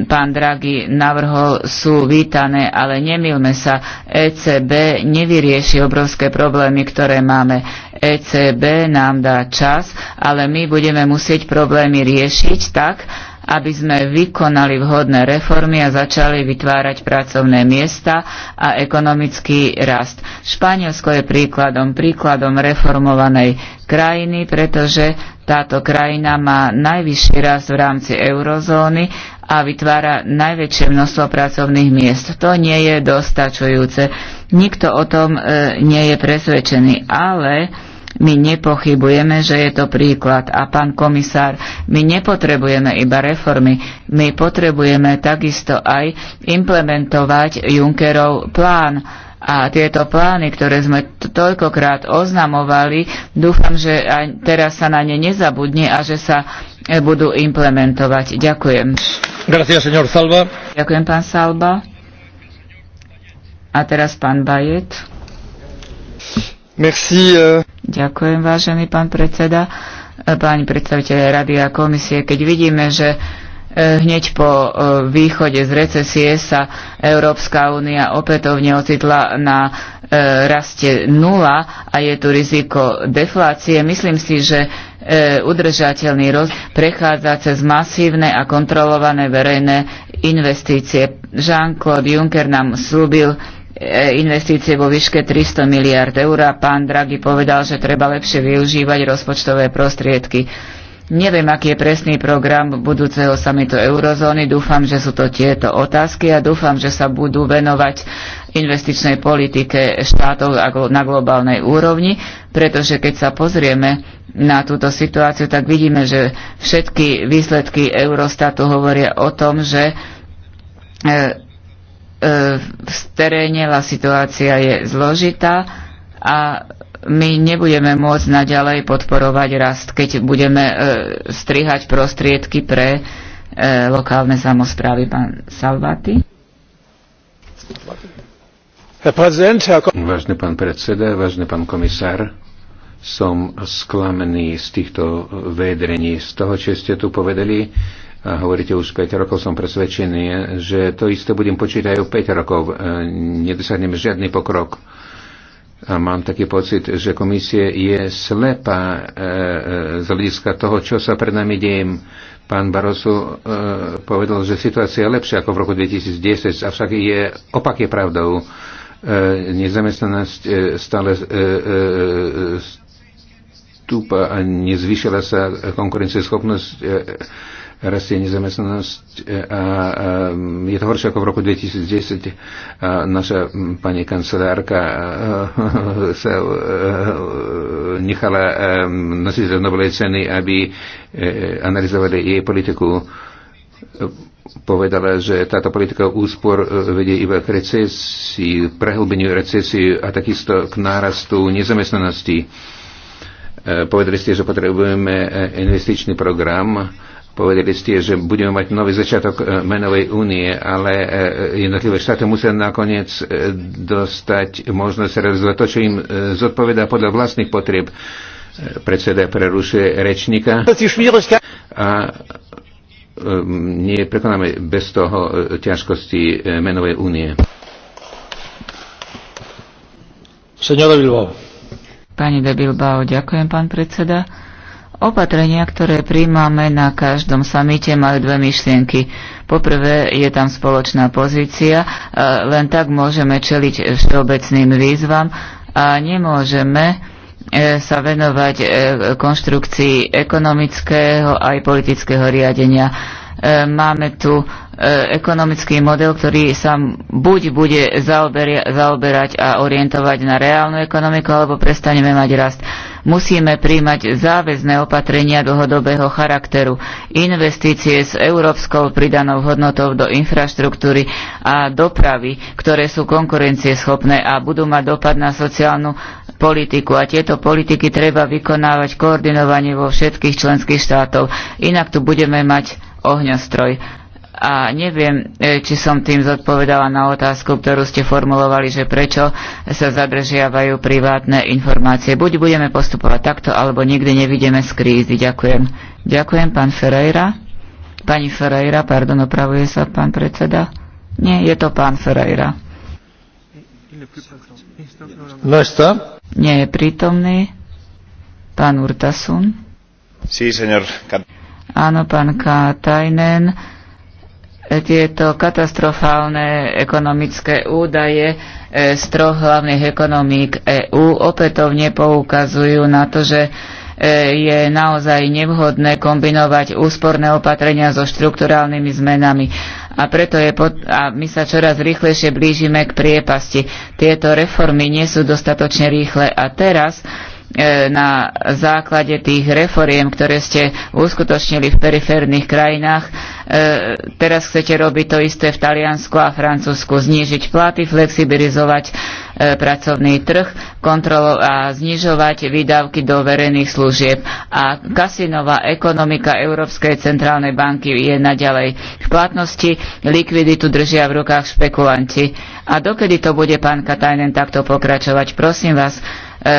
pán Draghi navrhol, sú vítané, ale nemilme sa, ECB nevyrieši obrovské problémy, ktoré máme. ECB nám dá čas, ale my budeme musieť problémy riešiť tak, aby sme vykonali vhodné reformy a začali vytvárať pracovné miesta a ekonomický rast. Španielsko je príkladom, príkladom reformovanej krajiny, pretože táto krajina má najvyšší rast v rámci eurozóny a vytvára najväčšie množstvo pracovných miest. To nie je dostačujúce. Nikto o tom e, nie je presvedčený, ale my nepochybujeme, že je to príklad. A pán komisár, my nepotrebujeme iba reformy, my potrebujeme takisto aj implementovať Junckerov plán a tieto plány, ktoré sme toľkokrát oznamovali, dúfam, že aj teraz sa na ne nezabudne a že sa e, budú implementovať. Ďakujem. Gracias, señor Salva. Ďakujem, pán Salva. A teraz pán Bajet. Merci. E. Ďakujem, vážený pán predseda, e, páni predstaviteľe Rady a komisie. Keď vidíme, že E, hneď po e, východe z recesie sa Európska únia opätovne ocitla na e, raste nula a je tu riziko deflácie. Myslím si, že udržateľný roz prechádza cez masívne a kontrolované verejné investície. Jean-Claude Juncker nám slúbil investície vo výške 300 miliard eur a pán Draghi povedal, že treba lepšie využívať rozpočtové prostriedky. Neviem, aký je presný program budúceho samitu eurozóny. Dúfam, že sú to tieto otázky a dúfam, že sa budú venovať investičnej politike štátov na globálnej úrovni, pretože keď sa pozrieme na túto situáciu, tak vidíme, že všetky výsledky Eurostatu hovoria o tom, že e, e, v teréne situácia je zložitá a my nebudeme môcť naďalej podporovať rast, keď budeme e, strihať prostriedky pre e, lokálne samozprávy. Pán Salvati. Vážne pán predseda, vážne pán komisár, som sklamený z týchto vedrení, z toho, čo ste tu povedali a hovoríte už 5 rokov, som presvedčený, že to isté budem počítať aj o 5 rokov. E, nedosiahneme žiadny pokrok a mám taký pocit, že komisie je slepá e, e, z hľadiska toho, čo sa pred nami deje. Pán Barroso e, povedal, že situácia je lepšia ako v roku 2010, avšak je opak je pravdou. E, nezamestnanosť e, stále e, e, stúpa a nezvyšila sa konkurencieschopnosť. E, rastie nezamestnanosť e, a je to horšie ako v roku 2010. Naša pani kancelárka e, sa e, nechala nosiť za Nobelej ceny, aby analyzovali jej politiku povedala, že táto politika úspor vedie iba k recesii, prehlbeniu recesie a takisto k nárastu nezamestnanosti. Povedali ste, že potrebujeme investičný program Povedali ste, že budeme mať nový začiatok e, menovej únie, ale e, jednotlivé štáty musia nakoniec e, dostať možnosť realizovať to, čo im zodpovedá podľa vlastných potrieb. Predseda prerušuje rečníka. A nie prekonáme bez toho ťažkosti menovej únie. Pani de Bilbao, ďakujem, pán predseda. Opatrenia, ktoré príjmame na každom samite, majú dve myšlienky. Poprvé je tam spoločná pozícia, e, len tak môžeme čeliť všeobecným výzvam a nemôžeme e, sa venovať e, konštrukcii ekonomického aj politického riadenia. E, máme tu e, ekonomický model, ktorý sa buď bude zaoberať a orientovať na reálnu ekonomiku, alebo prestaneme mať rast. Musíme príjmať záväzné opatrenia dlhodobého charakteru, investície s európskou pridanou hodnotou do infraštruktúry a dopravy, ktoré sú konkurencieschopné a budú mať dopad na sociálnu politiku a tieto politiky treba vykonávať koordinovanie vo všetkých členských štátov. Inak tu budeme mať ohňostroj. A neviem, e, či som tým zodpovedala na otázku, ktorú ste formulovali, že prečo sa zadržiavajú privátne informácie. Buď budeme postupovať takto, alebo nikdy nevidíme z krízy. Ďakujem. Ďakujem, pán Ferreira. Pani Ferreira, pardon, opravuje sa pán predseda. Nie, je to pán Ferreira. Nesta? Nie je prítomný. Pán Urtasun. Sí, señor. Áno, pán Katajnen, tieto katastrofálne ekonomické údaje e, z troch hlavných ekonomík EÚ opätovne poukazujú na to, že e, je naozaj nevhodné kombinovať úsporné opatrenia so štrukturálnymi zmenami. A preto je pod, a my sa čoraz rýchlejšie blížime k priepasti. Tieto reformy nie sú dostatočne rýchle a teraz E, na základe tých reforiem, ktoré ste uskutočnili v periférnych krajinách. E, teraz chcete robiť to isté v Taliansku a Francúzsku, znížiť platy, flexibilizovať e, pracovný trh kontrolo- a znižovať výdavky do verejných služieb. A kasinová ekonomika Európskej centrálnej banky je naďalej v platnosti, likviditu držia v rukách špekulanti. A dokedy to bude pán Katajnen takto pokračovať? Prosím vás, E, e,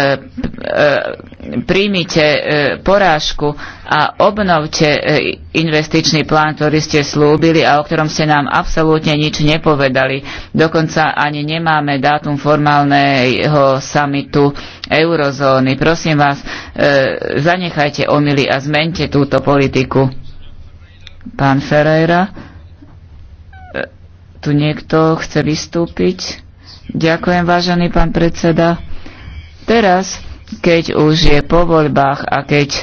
príjmite e, porážku a obnovte investičný plán, ktorý ste slúbili a o ktorom ste nám absolútne nič nepovedali. Dokonca ani nemáme dátum formálneho samitu eurozóny. Prosím vás, zanechajte omily a zmente túto politiku. Pán Ferreira, tu niekto chce vystúpiť? Ďakujem, vážený pán predseda. Teraz, keď už je po voľbách a keď e,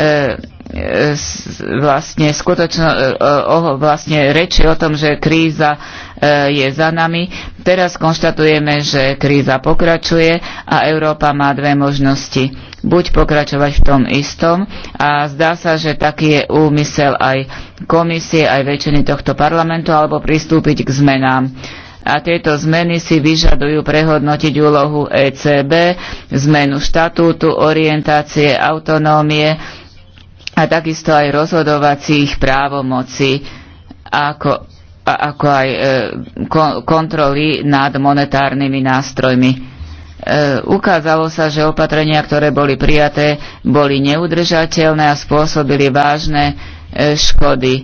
e, vlastne skutočno e, vlastne reči o tom, že kríza je za nami. Teraz konštatujeme, že kríza pokračuje a Európa má dve možnosti. Buď pokračovať v tom istom a zdá sa, že taký je úmysel aj komisie, aj väčšiny tohto parlamentu, alebo pristúpiť k zmenám a tieto zmeny si vyžadujú prehodnotiť úlohu ECB, zmenu štatútu, orientácie, autonómie a takisto aj rozhodovacích právomocí, ako, ako aj e, kontroly nad monetárnymi nástrojmi e, ukázalo sa, že opatrenia, ktoré boli prijaté, boli neudržateľné a spôsobili vážne e, škody. E,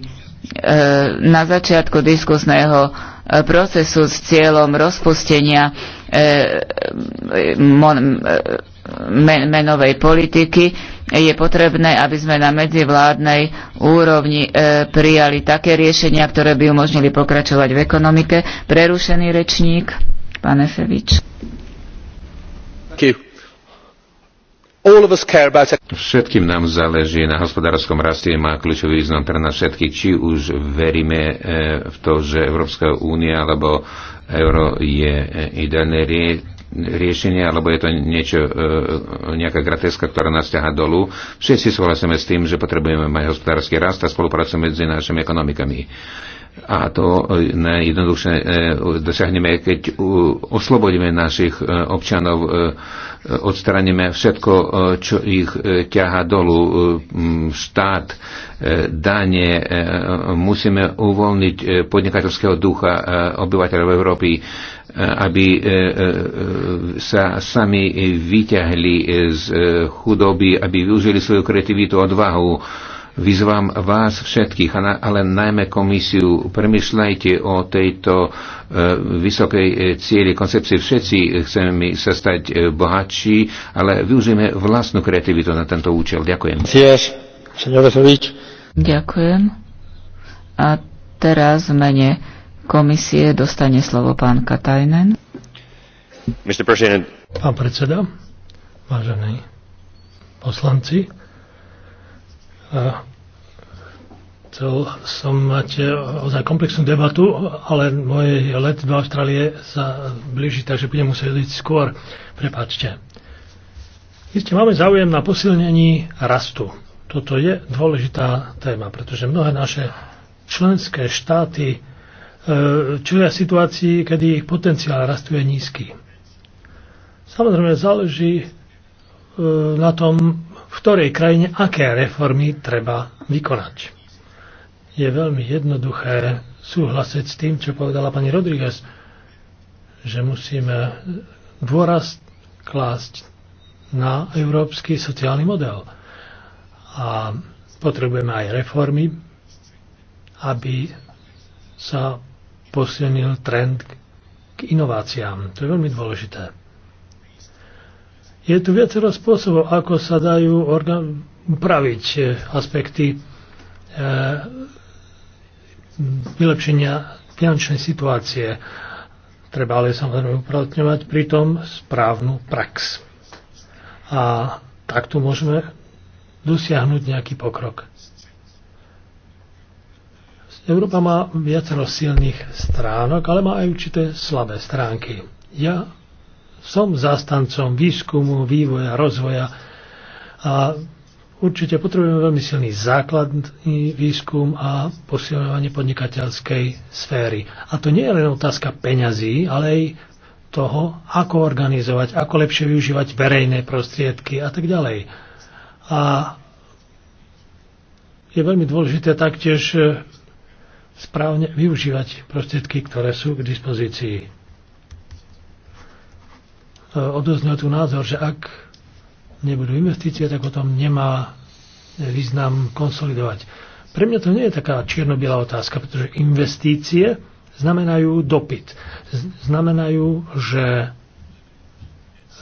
na začiatku diskusného E, procesu s cieľom rozpustenia e, e, menovej politiky, je potrebné, aby sme na medzivládnej úrovni prijali také riešenia, ktoré by umožnili pokračovať v ekonomike. Prerušený rečník, pán Efevič. Thank you. Všetkým nám záleží na hospodárskom raste, má kľúčový význam pre nás všetkých, či už veríme eh, v to, že Európska únia alebo euro je eh, ideálne riešenie, alebo je to niečo, eh, nejaká grateska, ktorá nás ťaha dolu. Všetci súhlasíme s tým, že potrebujeme mať hospodársky rast a spoluprácu medzi našimi ekonomikami. A to e, najjednoduchšie e, dosiahneme, keď oslobodíme našich e, občanov, odstraníme všetko, čo ich ťaha dolu, štát, dane. Musíme uvoľniť podnikateľského ducha obyvateľov Európy, aby sa sami vyťahli z chudoby, aby využili svoju kreativitu, odvahu Vyzvám vás všetkých, ale najmä komisiu, premyšľajte o tejto e, vysokej e, cieli koncepcie. Všetci chceme sa stať e, bohatší, ale využijeme vlastnú kreativitu na tento účel. Ďakujem. Ďakujem. A teraz v mene komisie dostane slovo pán Katajnen. Pán predseda, vážení poslanci, Chcel som mať e, ozaj komplexnú debatu, ale môj let do Austrálie sa blíži, takže budem musieť ísť skôr. Prepačte. Isté máme záujem na posilnení rastu. Toto je dôležitá téma, pretože mnohé naše členské štáty e, čelia situácii, kedy ich potenciál rastu je nízky. Samozrejme záleží e, na tom, v ktorej krajine aké reformy treba vykonať je veľmi jednoduché súhlasiť s tým, čo povedala pani Rodriguez, že musíme dôraz klásť na európsky sociálny model. A potrebujeme aj reformy, aby sa posilnil trend k inováciám. To je veľmi dôležité. Je tu viacero spôsobov, ako sa dajú upraviť eh, aspekty eh, vylepšenia finančnej situácie. Treba ale samozrejme uplatňovať pritom správnu prax. A takto môžeme dosiahnuť nejaký pokrok. Európa má viacero silných stránok, ale má aj určité slabé stránky. Ja som zastancom výskumu, vývoja, rozvoja a Určite potrebujeme veľmi silný základný výskum a posilňovanie podnikateľskej sféry. A to nie je len otázka peňazí, ale aj toho, ako organizovať, ako lepšie využívať verejné prostriedky a tak ďalej. A je veľmi dôležité taktiež e, správne využívať prostriedky, ktoré sú k dispozícii. E, Odoznel tu názor, že ak nebudú investície, tak o tom nemá e, význam konsolidovať. Pre mňa to nie je taká čierno otázka, pretože investície znamenajú dopyt. Znamenajú, že e,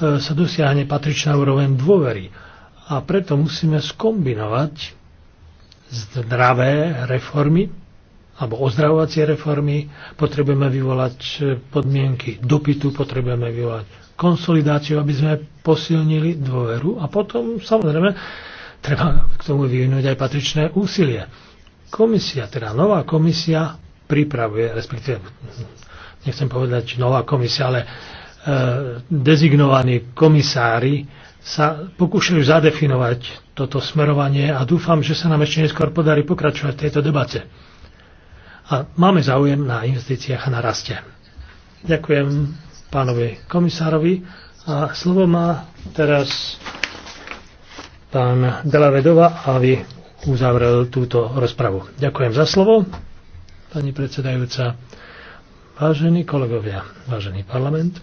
sa dosiahne patričná úroveň dôvery. A preto musíme skombinovať zdravé reformy alebo ozdravovacie reformy, potrebujeme vyvolať e, podmienky dopytu, potrebujeme vyvolať konsolidáciu, aby sme posilnili dôveru a potom samozrejme treba k tomu vyvinúť aj patričné úsilie. Komisia, teda nová komisia pripravuje, respektíve nechcem povedať nová komisia, ale e, dezignovaní komisári sa pokúšajú zadefinovať toto smerovanie a dúfam, že sa nám ešte neskôr podarí pokračovať v tejto debate. A máme záujem na investíciách a na raste. Ďakujem pánovi komisárovi. A slovo má teraz pán Delavedova, aby uzavrel túto rozpravu. Ďakujem za slovo, pani predsedajúca. Vážení kolegovia, vážený parlament,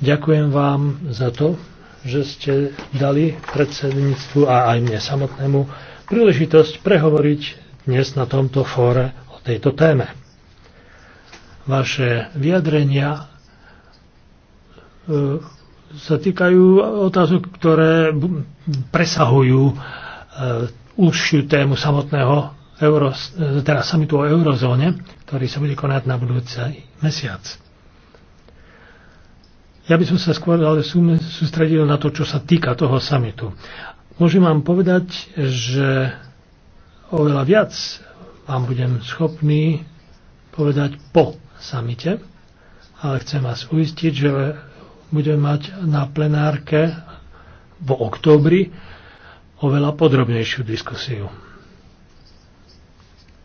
ďakujem vám za to, že ste dali predsedníctvu a aj mne samotnému príležitosť prehovoriť dnes na tomto fóre o tejto téme. Vaše vyjadrenia sa e, týkajú otázok, ktoré presahujú e, užšiu tému samotného euro, e, teda samitu o eurozóne, ktorý sa bude konať na budúci mesiac. Ja by som sa skôr ale sústredil na to, čo sa týka toho samitu. Môžem vám povedať, že oveľa viac vám budem schopný povedať po samite, ale chcem vás uistiť, že budeme mať na plenárke vo októbri oveľa podrobnejšiu diskusiu.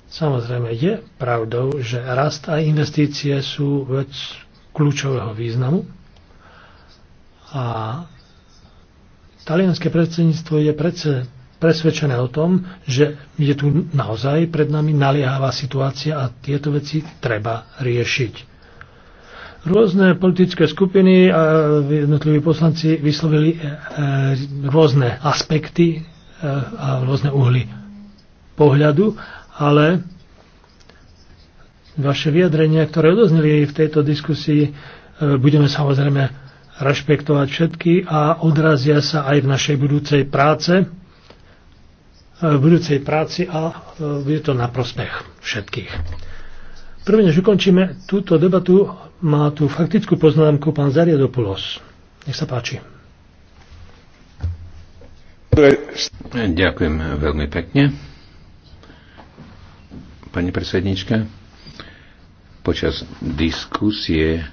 Samozrejme je pravdou, že rast a investície sú vec kľúčového významu a talianské predsedníctvo je predsa presvedčené o tom, že je tu naozaj pred nami naliehavá situácia a tieto veci treba riešiť. Rôzne politické skupiny a jednotliví poslanci vyslovili e, e, rôzne aspekty e, a rôzne uhly pohľadu, ale vaše vyjadrenia, ktoré odozneli v tejto diskusii, budeme samozrejme rešpektovať všetky a odrazia sa aj v našej budúcej práce, v budúcej práci a bude to na prospech všetkých. Prvé, než ukončíme túto debatu, má tu faktickú poznámku pán Zariadopoulos. Nech sa páči. Ďakujem veľmi pekne. Pani predsednička, počas diskusie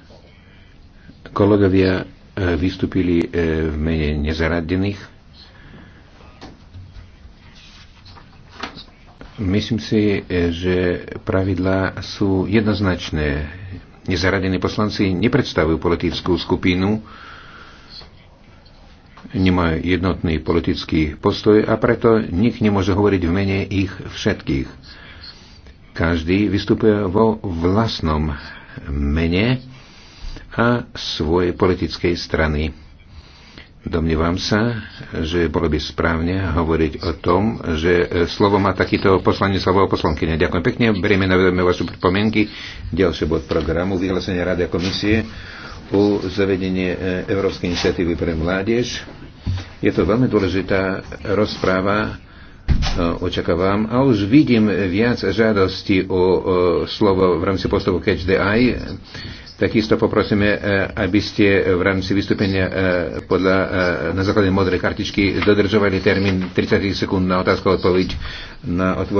kolegovia eh, vystúpili eh, v mene nezaradených Myslím si, že pravidlá sú jednoznačné. Nezaradení poslanci nepredstavujú politickú skupinu, nemajú jednotný politický postoj a preto nik nemôže hovoriť v mene ich všetkých. Každý vystupuje vo vlastnom mene a svojej politickej strany. Domnievam sa, že bolo by správne hovoriť o tom, že e, slovo má takýto poslanec o poslankyne. Ďakujem pekne, berieme na vedomie vaše pripomienky. Ďalší bod programu, vyhlásenie Rady a komisie o zavedenie e, Európskej iniciatívy pre mládež. Je to veľmi dôležitá rozpráva, e, očakávam a už vidím viac žiadosti o, o slovo v rámci postupu Catch the Eye. Takisto poprosíme, e, aby ste v rámci vystúpenia e, podľa, e, na základe modrej kartičky dodržovali termín 30 sekúnd na otázku a odpoveď na otvor